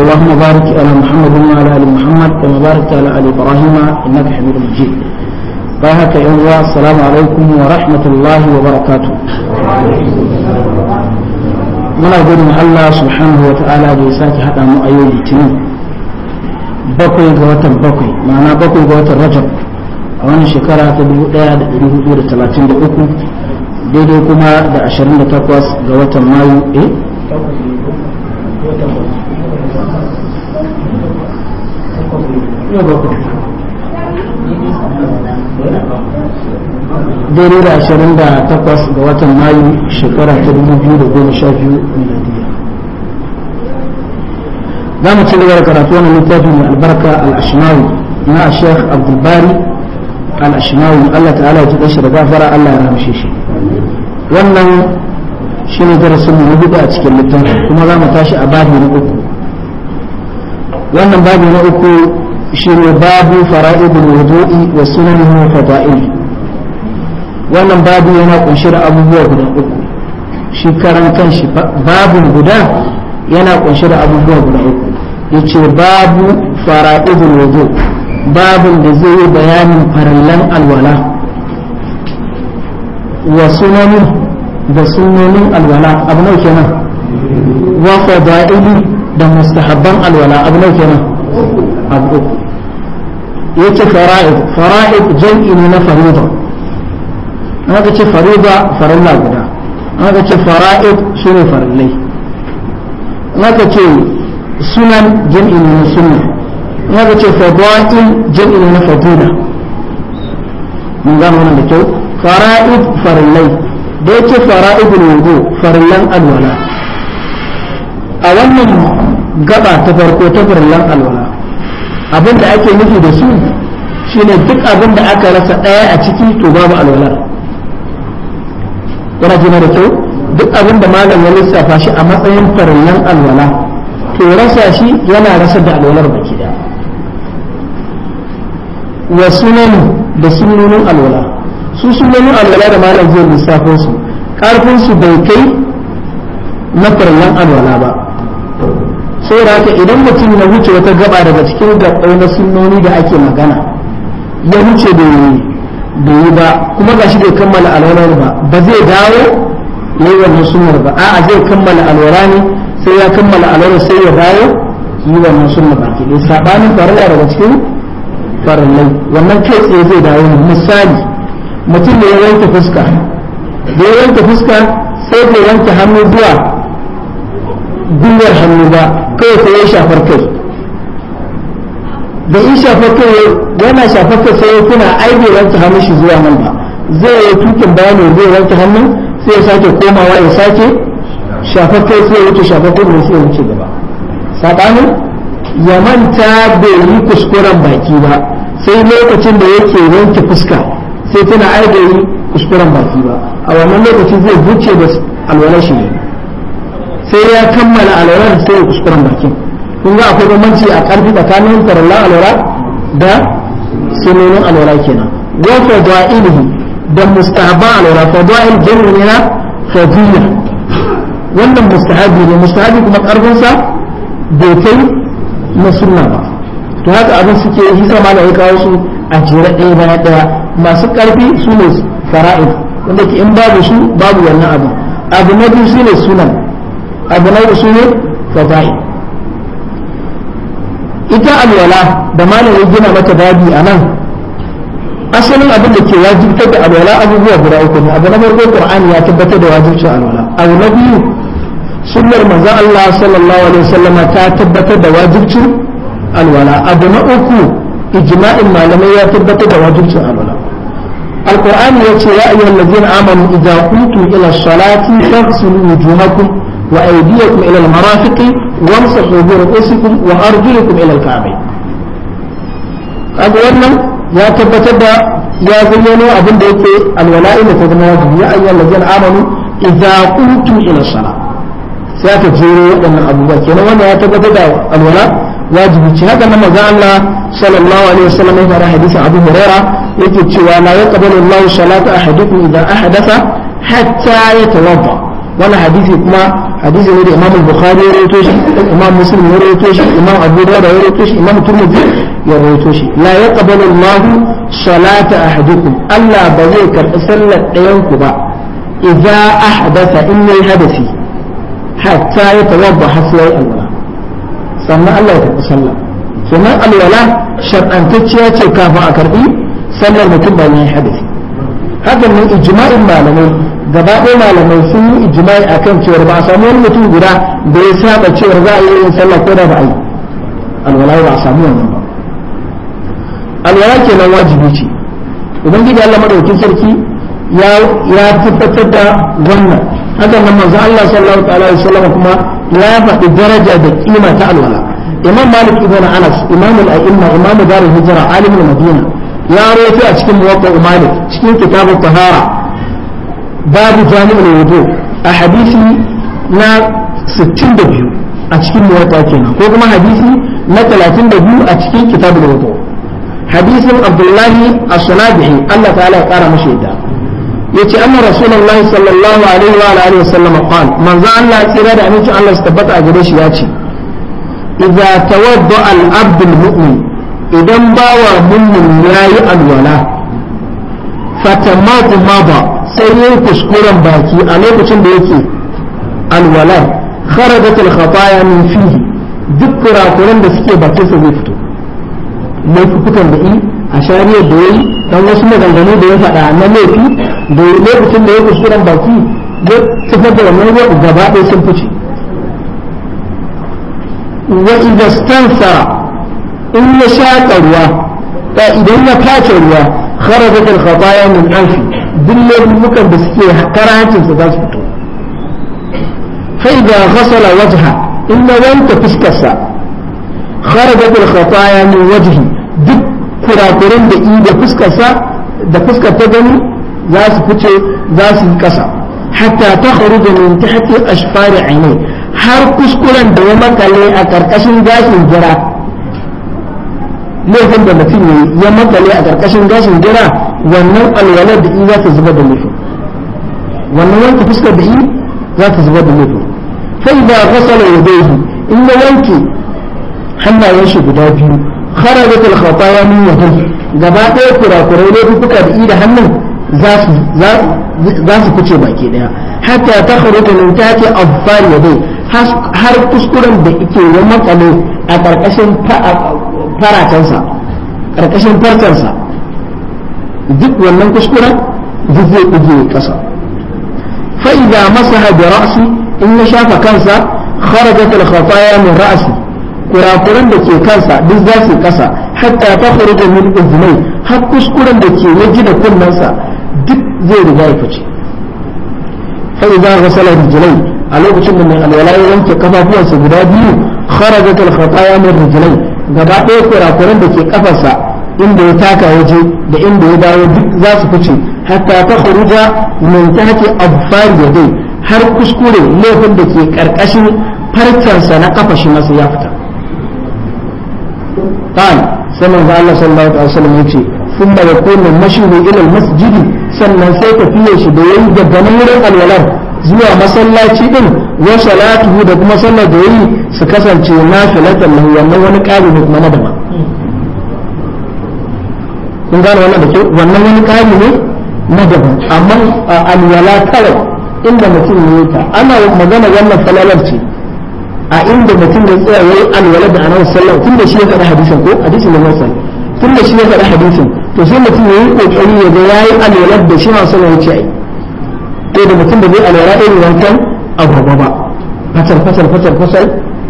اللهم بارك على محمد وعلى ال محمد كما باركت على ال ابراهيم انك حميد مجيد باهك يا السلام عليكم ورحمه الله وبركاته muna gudun Allah subhanahu wa ta'ala da ya sake haɗa mu a yau litinin bakwai ga watan bakwai ma'ana bakwai ga watan a wannan shekara ta 1433 daidai kuma da 28 ga watan mayu eh daidai da ashirin da takwas ga watan mayu shekara ta dubu biyu da goma sha biyu miladiya za mu ci gaba da karatu wani littafi mai albarka al-ashmawi na shekh abdulbari al-ashmawi allah ta'ala ya tuka shi da gafara allah ya ramshe shi wannan shi ne darasin mu na hudu a cikin littafin kuma za mu tashi a babi na uku wannan babi na uku shine babu fara'idul wudu'i wa sunanihi wa fada'ili wannan babu yana kunshe da abubuwa guda uku shi karan kanshi babun guda yana kunshe da abubuwa guda uku yace babu fara'idul wudu babun da zai yi bayanin farallan alwala wa sunani da sunanin alwala abu nau kenan wa fada'ilu da mustahabban alwala abu nau kenan abu uku yace fara'id fara'id jam'i ne na farida an ka ce farida farilla guda an ka ce fara'id shine farillai an ka ce sunan jam'i ne na sunna an ka ce fadail jam'i ne na fadila mun gano wannan da kyau fara'id farillai da fara'id fara'idul wudu farillan alwala a wannan gaba ta farko ta farillan alwala abin da ake nufi da su shine duk abin da aka rasa ɗaya a ciki to babu alwala yana jina da kyau duk abin da malam ya lissafa shi a matsayin farillan alwala to rasa shi yana rasa da alwalar baki da wa sunan da sunanin alwala su sunanin alwala da malam zai lissafo su karfin su bai kai na farillan alwala ba saboda haka idan mutum ya wuce wata gaba daga cikin gaɓɓai na sunnoni da ake magana ya wuce da yi ba kuma shi bai kammala alwalar ba ba zai dawo ya yi wannan sunnar ba a'a zai kammala alwala ne sai ya kammala alwala sai ya dawo yi wannan sunnar baki ɗaya sabanin farilla daga cikin farillai wannan kai tsaye zai dawo ne misali mutum ne ya wanke fuska da ya wanke fuska sai bai wanke hannu zuwa duniyar hannu ba kawai ko ya shafar kai da in shafar kai yana shafar kai sai kuna ai bai wanke hannun shi zuwa nan ba zai yi tukin bayani zai wanke hannun sai ya sake komawa ya sake shafar kai sai ya wuce shafar kai sai ya wuce gaba sabanin ya manta bai yi kuskuren baki ba sai lokacin da yake wanke fuska sai tana ai bai yi kuskuren baki ba a wannan lokacin zai wuce da alwalar shi ne sai ya kammala alwala sai ya kuskuren bakin kun ga akwai bambanci a karfi tsakanin farallan alwala da sunonin alwala kenan wa fada'iluhu da mustahaba mustahaban alwala fada'il jami'u ne na fadila wannan mustahabi ne mustahabi kuma karfinsa bai kai na sunna ba to haka abin suke yi sama da ya kawo su a jere ɗaya bana ɗaya masu karfi su ne fara'id wanda ke in babu su babu wannan abu abu na biyu su ne sunan abu na su ne fada'i ita alwala da malam ya gina mata babi a nan asalin abin da ke wajibtar da alwala abubuwa guda uku ne abu na farko qur'ani ya tabbatar da wajibcin alwala abu na biyu sunnar manzo Allah sallallahu alaihi wasallam ta tabbatar da wajibcin alwala abu na uku ijma'in malamai ya tabbatar da wajibcin alwala alqur'ani ya ce ya الذين amanu idza قمتم ila salati فاغسلوا وجوهكم وأيديكم إلى المرافق وامسحوا برؤوسكم وأرجلكم إلى الكعبين أقول لهم يا تبا تبا يا زينوا أبن ديك الولائم تزمواجه يا أيها الذين آمنوا إذا قمتم إلى الصلاة سيأتي جيروا أن أبو ذاك يا نوانا يا تبا تبا الولاء واجب الشهادة لما زعلنا صلى الله عليه وسلم إذا حديث أبو هريرة يكتب ولا يقبل الله صلاة أحدكم إذا أحدث حتى يتوضأ ولا حديث ما hadisi ne da imam bukhari ya rawaito shi imam muslim ya rawaito shi imam abu dawud ya rawaito shi imam turmudi ya rawaito shi la yaqbalu allah salata ahadukum allah ba zai karbi sallar ɗayan ku ba idza ahdatha in yayi hadasi hatta ya tawadda hasiyai allah sannan allah ya karbi sallar kenan alwala shar'antacciya ce kafin a karbi sallar mutum ba yayi hadasi hakan nan ijma'in malamai gaba ɗaya malamai sun yi ijma'i akan cewar ba a samu wani mutum guda da ya saba cewar za a yi yin sallah ko da ba a yi alwala ba a samu wannan ba alwala kenan wajibi ce ubangiji Allah madaukakin sarki ya ya tabbatar da wannan hakan nan manzo Allah sallallahu alaihi wasallam kuma ya faɗi daraja da kima ta alwala imam malik ibn anas imamul a'imma imamu darul hijra alimul madina ya rawaito a cikin muwatta umani cikin kitabun tahara babu jami'ul wudu a hadisi na 62 a cikin muwatta kenan ko kuma hadisi na 32 a cikin kitabul wudu hadisin abdullahi as-sunabihi Allah ta'ala ya kara mashi yadda yace anna rasulullahi sallallahu alaihi wa alihi wa sallam qal manzo Allah tsira da aminci Allah ya tabbata a gare shi yace idza tawadda al-abd al-mu'min idan bawa mumin ya yi alwala fatamatu maba sai ya yi kuskuren baki a lokacin da yake alwala kharajatul khataya min fihi duk kurakuran da suke bakin sa zai fito laifukan da yi a shariyar da yayi dan wasu maganganu da ya faɗa na laifi da lokacin da ya kuskuren baki ya tafar da wannan ruwan gaba ɗaya sun fice wa idan إن يشاء تروى فإذا إن كاتش الروى خرجت الخطايا من انفي دل المكة بسكية كراهات سداس بطول فإذا غسل وجهه إن وين تفسكسا خرجت الخطايا من وجهه دل كراترين بإيدة فسكسا دا فسكة تدني ذاس بطول ذاس الكسا حتى تخرج من تحت أشفار عينيه هر كسكولا دوما كالي أكر أشن ذاس laifin da mutum ya ya makale a ƙarƙashin gashin gira wannan alwalar da in za ta zuba da laifin wannan wanke fuskar da in za ta zuba da laifin fai ba fasala ya daihi in ya wanke hannayen shi guda biyu kharajat al khataya min yadihi gaba ɗaya kurakurai laifuka da i da hannun za su za su fice baki ɗaya. hatta ta kharuta min tati afal yadai har kuskuren da yake ya makale a ƙarƙashin faracensa ƙarƙashin farcensa duk wannan kuskuren duk zai buge ƙasa fa'iza masaha da ra'asi in ya shafa kansa kharajat al-khataya min ra'asi kurakuran da ke kansa duk za su ƙasa hatta ta kharuja min uzmai har kuskuren da ke yaji da kunnensa duk zai riga ya fice fa'iza ghasala rijlai a lokacin da mai alwala ya wanke kafafuwansa guda biyu kharajat al-khataya min rijlai gaba ɗaya kurakuran da ke kafarsa inda ya taka waje da inda ya dawo duk za su fice hatta ta khuruja min tahti da dai har kuskure laifin da ke karkashin farcensa na kafa shi masu ya fita قال سمع الله صلى الله عليه sun da ثم يكون مشيه إلى masjidi sannan sai tafiyar shi da yayi da nan wurin alwalar zuwa masallaci din wa salatuhu da kuma sallar da yi su kasance na nafilatan lahu wannan wani ƙari ne kuma na dama. kun gane wannan da kyau wannan wani ƙari ne na dama amma alwala kawai inda mutum ya yi ta ana magana wannan falalar ce a inda mutum ya tsaya yayi alwala da annabi sallallahu tun da shi ya faɗa hadisin ko hadisin da masa tun da shi ya faɗa hadisin to sai mutum ya yi kokari ya ga yayi alwala da shi ma sallallahu alaihi wasallam ya ce ai to da mutum da zai alwala irin wancan a gaba ba fasar fasar fasar fasar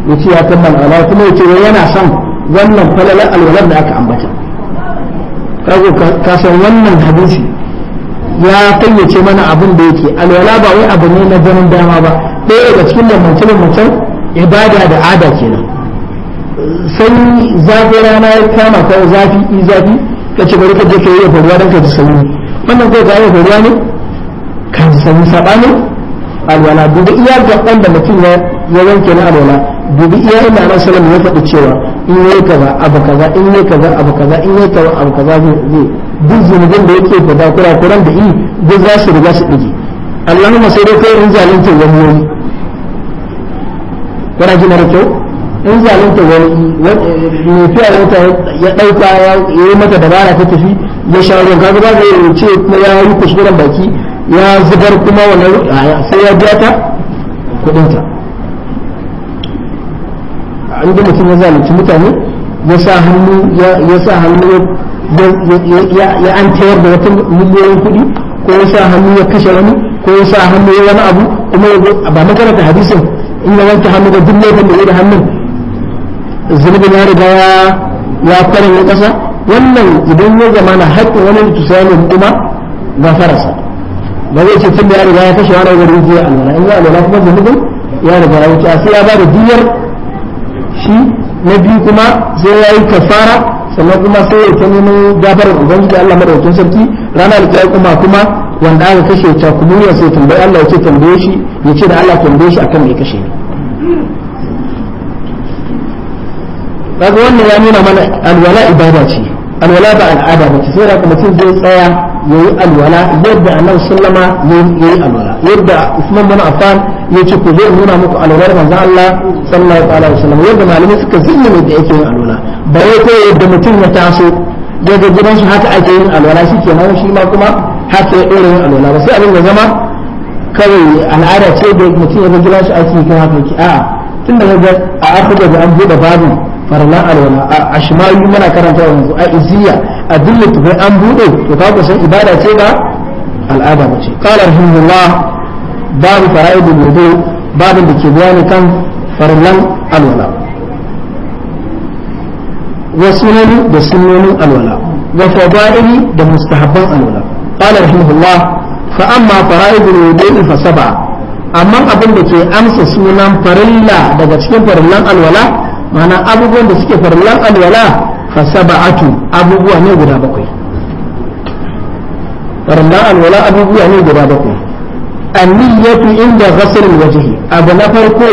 ya ce ya kammala ala kuma ya ce yana son wannan falalar alwalar da aka ambata kago ka wannan hadisi ya kayyace mana abin da yake alwala ba wai abu ne na ganin dama ba ɗaya daga cikin lamarci lamarcin ibada da ada kenan sai zafi rana ya kama ka zafi i zafi ka ce bari ka je ka yi ruwa don ka ji sauri wannan ko ga yi ruwa ne ka ji saba ne. alwala dubi iya gaban da mutum ya wanke na alwala dubi iya inda alaihi wasallam ya faɗi cewa in yayi kaza abu kaza in yayi kaza abu kaza in yi kaza abu kaza zai duk zunubin da yake dakura kuran da in duk za su riga su dige allahumma sai dai kai in zalunta wani wani kuna ji mara kyau in zalunta wani mai ta ya dauka ya yi mata dabara ta tafi ya sha ruwan kaga ba zai ce ya yi kuskuren baki ya zubar kuma wannan sai ya biya ta kudinta an ga mutum ya zalunci mutane ya sa hannu ya sa hannu ya an tayar da wata miliyoyin kudi ko ya sa hannu ya kashe wani ko ya sa hannu ya wani abu kuma ya ba makaranta hadisin in ya wanke hannu da duk laifin da ya da hannun zunubin ya riga ya kwarin ya ƙasa wannan idan ya zama na haƙƙin wani tusayen hukuma farasa. ba zai ce tun da ya riga ya kashe wani wani zai alwala in za alwala kuma zunubin ya riga ya wuce a sai ya ba da diyar shi na biyu kuma sai ya yi kafara sannan kuma sai ya ta nemo gafarar ubangiji Allah madaukakin sarki ranar alƙiyama kuma kuma wanda aka kashe ta kuma ya sai tambayi Allah ya ce tambaye shi ya ce da Allah tambaye shi akan mai kashe kaga wannan ya nuna mana alwala ibada ce alwala ba al'ada ba ce sai da kuma mutum zai tsaya yayi alwala yadda annabi sallama yayi alwala yadda Usman bin Affan yace ku zo nuna muku alwalar manzo Allah sallallahu alaihi wasallam yadda malamai suka zinyana da yake yin alwala bare ko yadda mutum ya taso daga gidansu haka ake yin alwala shi kenan shi ma kuma haka ya dora yin alwala ba sai abin da zama kawai al'ada ce da mutum ya ga gidansu ake yin haka a'a tun daga a afirka da an buɗe babu farna alwala a ashmayu muna karanta yanzu a iziya a duk littafai an bude to ka kusan ibada ce ba al'ada ba ce qala rahimullah babu fara'idul wudu babin da ke bayani kan farlan alwala wa sunani da sunanin alwala wa fadaili da mustahabban alwala qala rahimullah fa amma fara'idul wudu fa sab'a amma abin da ke amsa sunan farilla daga cikin farillan alwala mana abubuwan da suke farlan alwala fa sab'atu abubuwa ne guda bakwai farlan alwala abubuwa ne guda bakwai anniyatu inda ghasl alwajhi abu na farko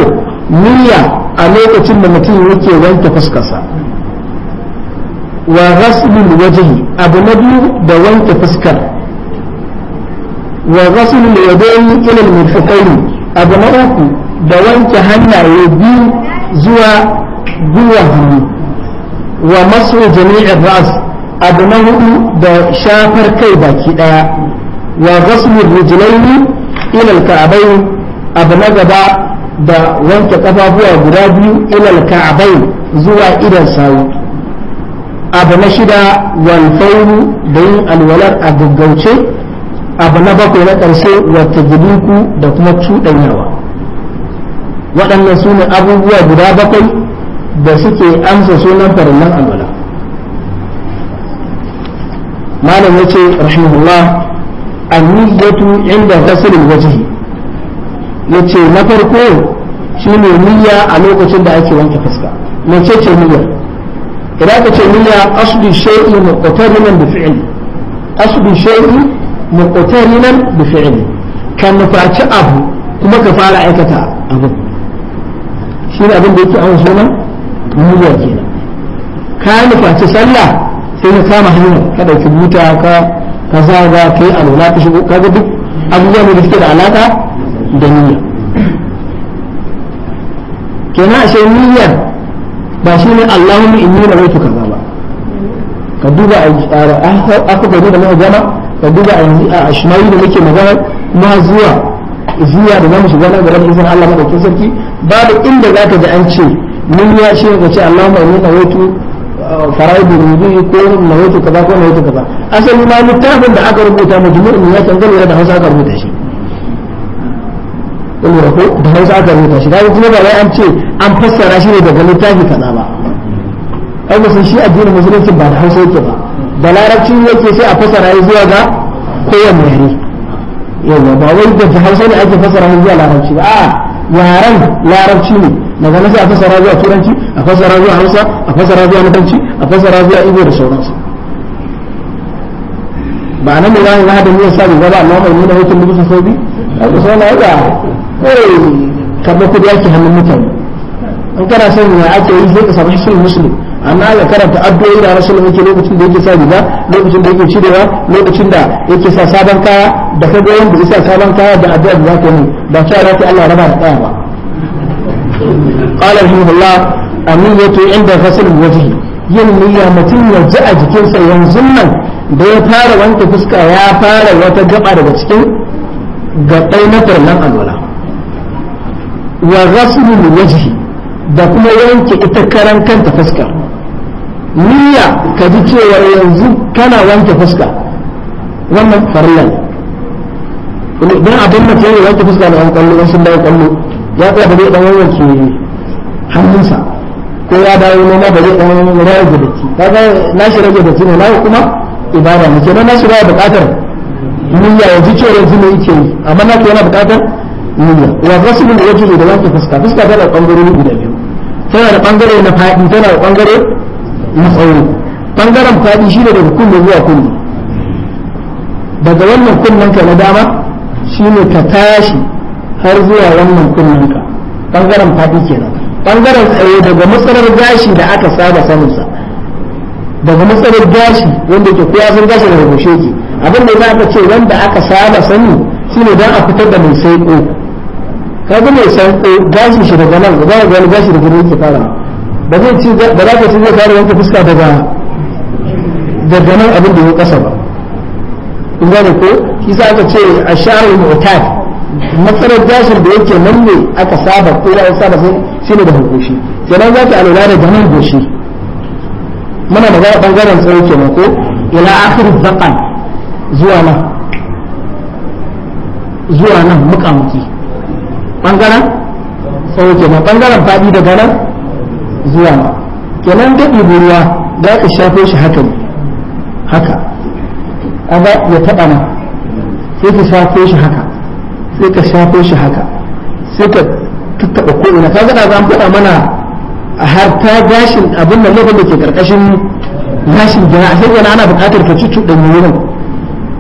niyya a lokacin da mutum yake wanke fuskarsa wa ghasl alwajhi abu na biyu da wanke fuskar wa ghasl yadayn ila almirfaqayn abu na uku da wanke hannaye biyu zuwa gwiwar wa maso jami'in ras abu na hudu da shafar kai baki daya wa ghaslul rijlaini ila al abu na gaba da wanke kafafuwa guda biyu ilal ka'abai zuwa idan sawu abu na shida wal da yin alwalar a gaggauce abu na bakwai na ƙarshe wa tajdiku da kuma cudanyawa waɗannan su ne abubuwa guda bakwai da suke amsa sunan farallan amala. malam ya ce rahimahullah anniyyatu inda ghasilil wajhi ya ce na farko shi ne niyya a lokacin da ake wanke fuska na ce niyya idan ka ce niyya asli shay'i muqtarinan bi fi'li asli shay'i muqtarinan bi fi'li kan nufaci abu kuma ka fara aikata abu shi ne abin da yake an sunan niyya kenan ka nufaci sallah sai ka kama hanyar ka dauki buta ka ka zaga ka yi alwala ka shigo ka ga duk abubuwa ne da suke da alaka da niyya kenan ashe niyya ba shi ne Allahumma inni nawaitu kaza ba ka duba a aka gani da muka gama ka duba a shimari da muke magana kuma zuwa zuwa da zamu shiga nan gaban izinin Allah madaukakin sarki babu inda zaka ji an ce mun ya shi ka ce Allahumma inni nawaitu uh, faraidu rubi ko nawaitu kaza ko nawaitu kaza asali ma littafin da aka rubuta mu majmu'un ya tangal da Hausa aka rubuta shi kullu ko da Hausa aka rubuta shi kaga kuma ba wai an ce an fassara shi ne daga littafi kaza ba ai ba shi addinin musulunci ba da Hausa yake ba da larabci yake sai a fassara shi zuwa ga kowanne yare yawa ba wai da Hausa ne ake fassara shi zuwa larabci ba a yaran larabci ne magana sai a fasara zuwa turanci a fasara zuwa hausa a fasara zuwa mutanci a fasara zuwa igbo da sauransu ba nan da zamu hada mu yasa gaba Allah mai nuna da musu sobi ai ko sai ga eh kamar kudi yake hannun mutane an kana son ya ake yi sai ka samu shi muslim amma ya karanta addu'o'i da rasulun yake lokacin da yake sabi ba lokacin da yake cirewa lokacin da yake sa sabon kaya da kaga wanda yasa sabon kaya da addu'a da zaka yi ba cewa zaka Allah raba da kaya ba قال رحمه الله النية عند غسل الوجه yin niyya mutum ya ji a jikinsa yanzu nan da ya fara wanke fuska ya fara wata gaba daga cikin gaɓai na farnan alwala wa rasulun wajhi da kuma yanke ita karan kanta fuska niyya ka ji yanzu kana wanke fuska wannan abin mutum wanke fuska da an kallo ya tsaya ba zai dan wanke hannunsa ko ya dawo na ba zai dan rage da ci kaga shi rage da ci ne nawa kuma ibada ne kenan nashi ba buƙatar niyya ya ji cewa yanzu ne yake yi amma na yana buƙatar niyya wa rasulun yake da wanke fuska fuska tana bangare ne guda biyu tana da bangare na fadi tana da bangare na tsauri bangaren fadi shi ne daga kunne zuwa kunne daga wannan kunnen ka na dama shine ka tashi har zuwa wannan kunnen ka bangaren fadi kenan bangaren tsaye daga matsalar gashi da aka saba sanin sa daga matsalar gashi wanda ke kuya sun gashi daga goshe ke abin da za ka ce wanda aka saba sani shine dan a fitar da mai saiko kaga mai saiko gashi shi daga nan za ga gashi daga nan ke fara ba zai ci ba za ka ci zai fara wanke fuska daga daga nan abin da ya kasa ba in gane ko shi sa aka ce a sha'ar mu'tad matsalar gashin da yake nan ne aka saba ko da saba shi ne da hankoshi kenan za ki lura da ganin goshi muna magana bangaren tsaro ke ko ila akhir zaqan zuwa nan zuwa nan mukamuki bangaren tsawo kenan bangaren fadi daga nan zuwa nan kenan daɗi ruwa da ka shafe shi haka haka aga ya taɓa nan sai ki shafe shi haka sai ka shafo shi haka sai ka tattaɓa ko'ina ka gada an faɗa mana a har ta gashin abin da lokacin da ke karkashin gashin gina a sai gana ana buƙatar ka cucu da wurin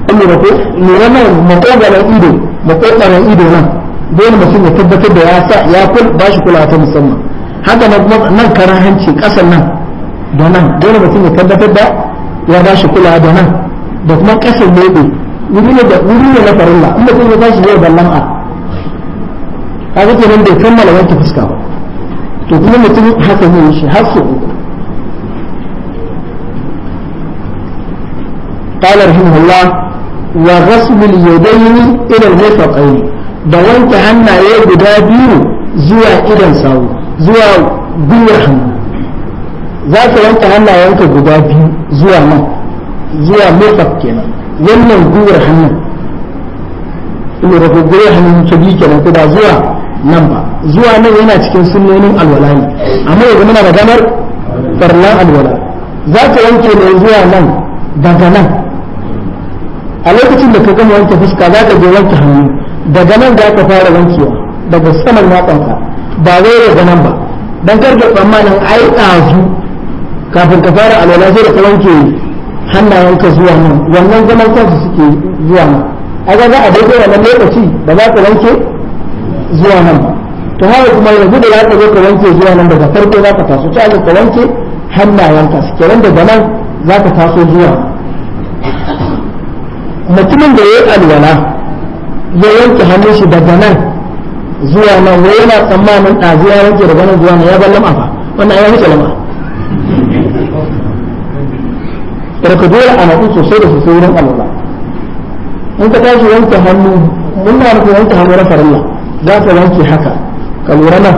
kuma da ko ne wannan makogaran ido makogaran ido nan dole mutum ya tabbatar da ya sa ya ba shi kulawa ta musamman haka nan kuma nan karan hanci ƙasan nan da nan dole mutum ya tabbatar da ya ba shi kulawa da nan da kuma ƙasan lebe wuri ne da wuri ne na farilla in mutum ya tashi zai ballan a kaga kenan bai kammala wanke fuska ba to kuma mutum haka ne shi har su uku قال رحمه الله وغسل اليدين إلى المرفقين da wanke hannaye guda biyu zuwa idan sawu zuwa gwiwar hannu za ka wanke hannayenka guda biyu zuwa nan zuwa murfak kenan wannan gwiwar hannun ina da gwiwar hannun ta biyu kenan ko ba zuwa nan ba zuwa nan yana cikin sunnonin alwala ne amma yanzu muna da gamar farlan alwala za ka wanke ne zuwa nan daga nan a lokacin da ka gama wanke fuska za ka je wanke hannu daga nan za ka fara wankewa daga saman yatsanka ba wai daga nan ba dan karge tsammanin ai ɗazu kafin ka fara alwala sai da ka wanke hannayenka zuwa nan wannan zaman kansu suke zuwa nan a ga za a daidai wannan lokaci ba za ka wanke zuwa nan ba to haka kuma yanzu da za ka zo ka wanke zuwa nan daga farko za ka taso ta ka wanke hannayenka su kenan daga nan za ka taso zuwa mutumin da ya yi alwala ya wanke hannun shi daga nan zuwa nan wai yana tsammanin ɗazu ya wanke daga nan zuwa nan ya ballama ba wannan ya wuce lam'a ka dole a sosai da sosai wurin alwala in ka tashi wanke hannu mun na nufin wanke hannu na farilla za ka wanke haka ka lura nan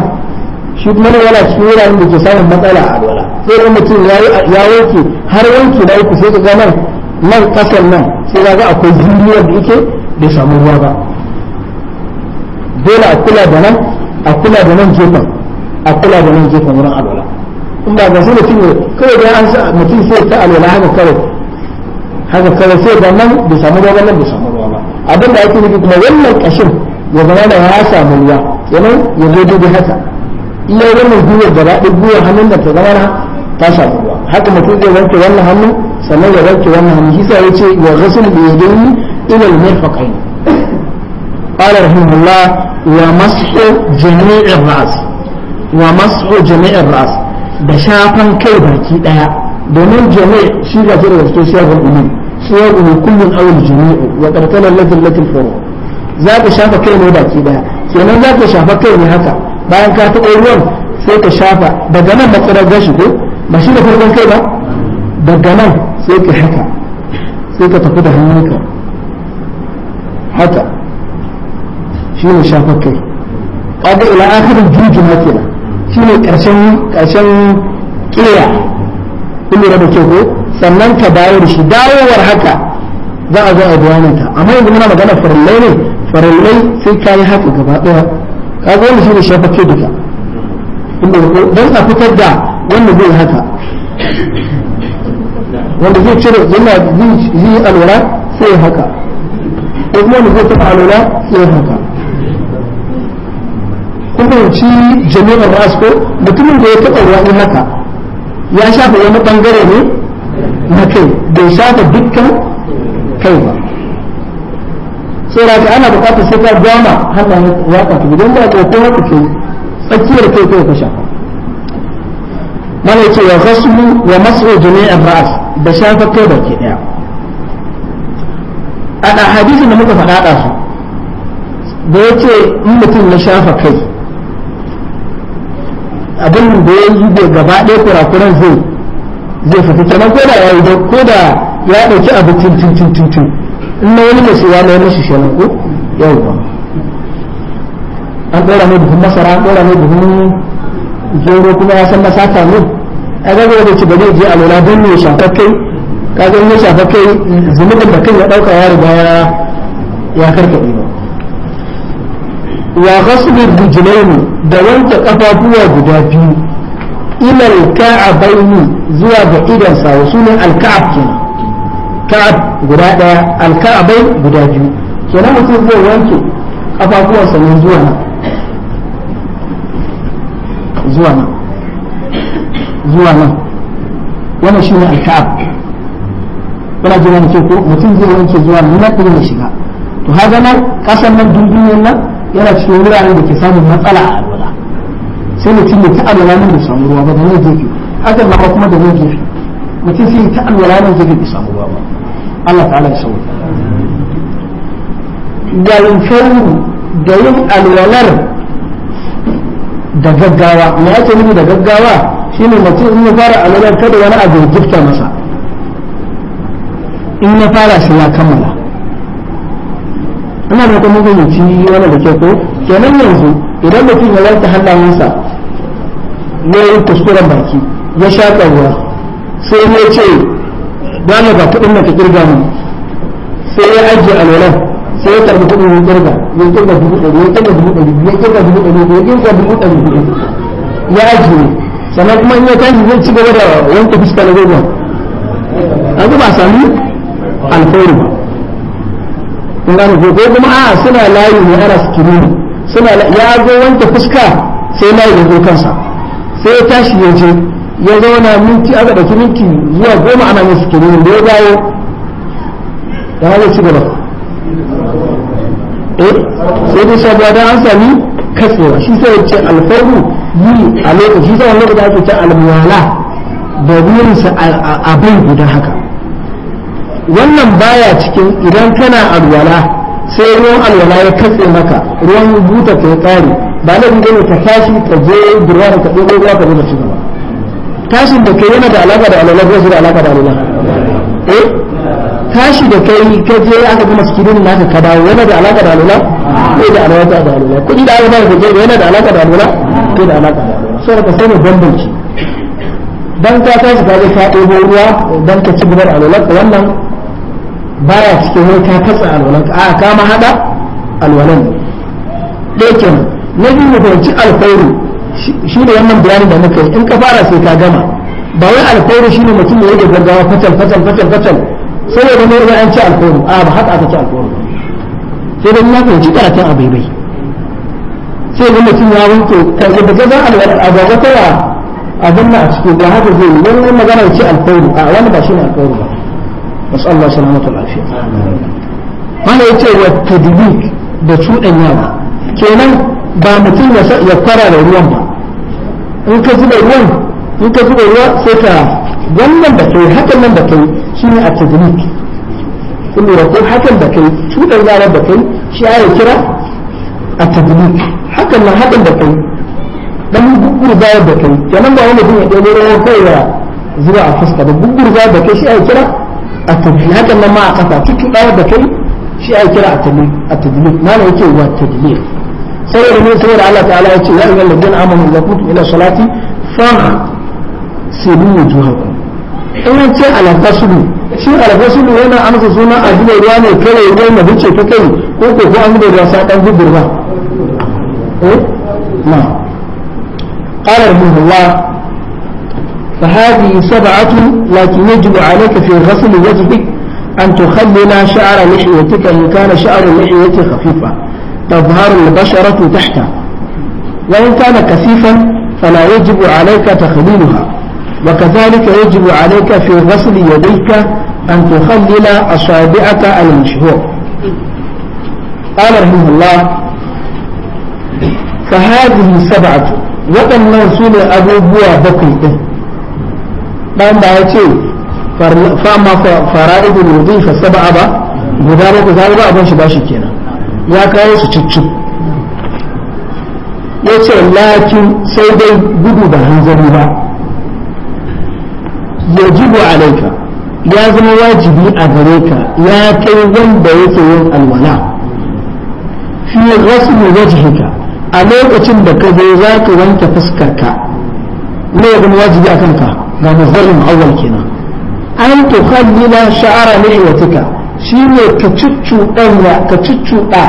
shi kuma na wala cikin wuraren da ke samun matsala a alwala sai ga mutum ya wanke har wanke na uku sai ka ga nan nan kasan nan sai ka ga akwai zuriyar da yake bai samu ruwa ba dole a kula da nan a kula da nan jefan a kula da nan jefan wurin alwala in ba ga su mutum ne kawai da an sa mutum sai ta alwala haka kawai haka kawai sai da nan bai samu ruwa nan bai samu ruwa ba abin da ake nufi kuma wannan kashin ya zama da ya samu ruwa kenan ya zo daidai haka iya wannan gwiwar da ɗaya gwiwar hannun da ta zama na ta samu ruwa haka mutum zai wanke wannan hannu sannan ya wanke wannan hannu shi ya ce wa ghasul bi yadayhi ila al-mirfaqayn قال رحمه الله ومسح جميع الرأس ومسح جميع الرأس da shafan kai baki daya domin jami'a shi ga jira da ke shafan umum siyagu kullun awal jami'u wa qartala ladallatil furu za ka shafa kai ne baki daya kenan za ka shafa kai ne haka bayan ka taɓa ruwan sai ka shafa daga nan matsalar gashi ko ba shi da farkon kai ba daga nan sai ka haka sai ka tafi da hannunka haka shi ne shafa kai kaga ila akhirin jujjuma kenan shine karshen karshen kiya kuma da ke ko sannan ka dawo da shi dawowar haka za a zo a bayananta amma yanzu muna magana farallai ne farallai sai ka yi haka gaba daya ka ga wanda shine da ke duka kun ko dan a fitar da wanda zai haka wanda zai cire yana zai yi alwala sai haka ko kuma wanda zai taɓa alwala sai haka fahimci jami'ar rasko mutumin da ya taɓa wani haka ya shafa wani ɓangare ne na kai bai shafa dukkan kai ba saboda ana bukatar sai ka gama hannun ya ta gudun da ba ko haka ke tsakiyar kai kai ka shafa mana ce wa ghaslu wa masu jami'ar ra'as da shafa kai ke ɗaya a hadisin da muka faɗaɗa su da ya ce in mutum na shafa kai abin da ya yi da gaba ɗaya kurakuran zai zai fita kenan ko da ya yi da ko da ya ɗauki abu tun tun tun tun in na wani mai ya mai mashi shi ko yau ba an ɗora mai buhun masara an ɗora mai buhun zoro kuma ya san masata ne a ga da ci bari je a lura don ne shafafkai ka ga ne shafafkai zunubin da kai ya ɗauka ya riga ya karkaɗe ba wa ghaslu rijlaini da wanke kafafuwa guda biyu ila al-ka'abaini zuwa ga idan wasu ne al-ka'ab kenan ka'ab guda daya al-ka'abai guda biyu kenan mutum zai wanke kafafuwan sa ne zuwa nan zuwa nan zuwa nan wannan shine al-ka'ab kuna jira ne ko mutum zai wanke zuwa nan ne shiga to haga nan kasan nan dungumin nan yana cikin wuraren da ke samun matsala a alwala sai mutum ya ta alwala nan da samu ruwa ba da nan gefe akan ma kuma da nan gefe mutum sai ta alwala nan gefe bai samu ruwa ba Allah ta'ala ya sauka da yin da yin alwalar da gaggawa me ake nufi da gaggawa shine mutum in ya fara alwalar kada wani abu ya gifta masa in ya fara shi ya kammala ina da kuma fahimci wannan da ke ko kenan yanzu idan mutum ya wanke hannayensa ya yi kuskuren baki ya sha ruwa sai ya ce dole ba kuɗin da ta kirga mu sai ya ajiye alwalan sai ya karɓi kuɗin ya kirga ya kirga dubu ɗari ya kirga dubu ɗari ya kirga dubu ɗari ya kirga dubu ɗari ya ajiye sannan kuma in ya tashi zai ci gaba da wanke fuska na goma an ba sami alfairu ba in ko ko kuma a suna layi ne ana sikiri ne suna ya zo wanke fuska sai layi ya zo kansa sai ya tashi ya je ya zauna minti aka ɗauki minti zuwa goma ana mai sikiri ne da ya dawo da haka ci gaba eh sai dai sabuwa da an sami katsewa shi sai ya ce alfarru yi a lokaci sai wani lokaci ake ce almuwala da wurinsa abin guda haka wannan baya cikin idan kana alwala sai ruwan alwala ya katse maka ruwan buta ta ya tsari ba na gudu ka tashi ka je durwa ka ɗauko ruwa ka zo cikin ba tashin da kai yana da alaƙa da alwala ko da alaƙa da alwala eh tashi da kai ka je aka gama sikirin naka ka dawo yana da alaƙa da alwala ko da alaka da alwala kuɗi da alwala ba ka je yana da alaƙa da alwala ko da alaƙa da alwala sai ka sani bambanci dan ka tashi ka je ka ɗebo ruwa dan ka ci gaba da alwala wannan baya cikin wani ta katsa alwalan ka a ka ma hada alwalan ɗaya kenan na biyu mu fahimci alkhairu shi da wannan bayanin da muka yi in ka fara sai ka gama ba wai shi ne mutum ya yi da gaggawa fatal fatal fatal fatal saboda ne idan an ci alkhairu a ba haka aka ci alkhairu sai dai na fahimci karatun abai bai sai ga mutum ya wanke karɓi da gazan alwala a gaba tara abin na a cikin da haka zai yi wani magana ya ci alkhairu a wani ba shi ne alkhairu ba نسأل الله سلامة والعافية mana yace wa tadbik da cuɗanyawa kenan ba mutum ya fara da ruwan ba in ka zuba ruwan in ka zuba ruwa sai ka wannan da kai hakan nan da kai shine a tadbik kun lura ko hakan da kai cuɗanyawa da kai shi ya kira a tadbik hakan nan hakan da kai dan gurgurza da kai kenan ba wani mutum ya ɗebo ruwan kai ya zuba a fuska da gurgurza da kai shi ya kira a tadlil hakan nan ma a kafa tuttuɗawar da kai shi a kira a tadlil mana yake wa da saboda ne da Allah ta'ala ya ce ya ayyuhal ladina amanu idza ila salati fa'silu wujuhakum in an ce al-ghusl shi al-ghusl yana amsa suna a zuba ruwa ne kare ruwa na bice ta kai ko ko ko an zuba ruwa sa dan gubur ba eh? na qala rahimahullah فهذه سبعة لكن يجب عليك في غسل وجهك أن تخلل شعر لحيتك إن كان شعر اللحية خفيفا تظهر البشرة تحته وإن كان كثيفا فلا يجب عليك تخليلها وكذلك يجب عليك في غسل يديك أن تخلل أصابعك المشهور قال رحمه الله فهذه سبعة وطن سنة أبو بكر Ɗan ba ya ce fama fara'idul wudu fa ba guda ne ku zai ba abin shi shi kenan ya kawo su cuccu ya ce lakin sai dai gudu da hanzari ba yajibu alaika ya zama wajibi a gare ka ya kai wanda yake yin alwala fi ghasli wajhika a lokacin da ka zo za ka wanke fuskarka ne ya zama wajibi akan ka. ga mazdarin awwal kenan an tukhallila sha'ara lihyatika shine ka cuccuɗa ka cuccuɗa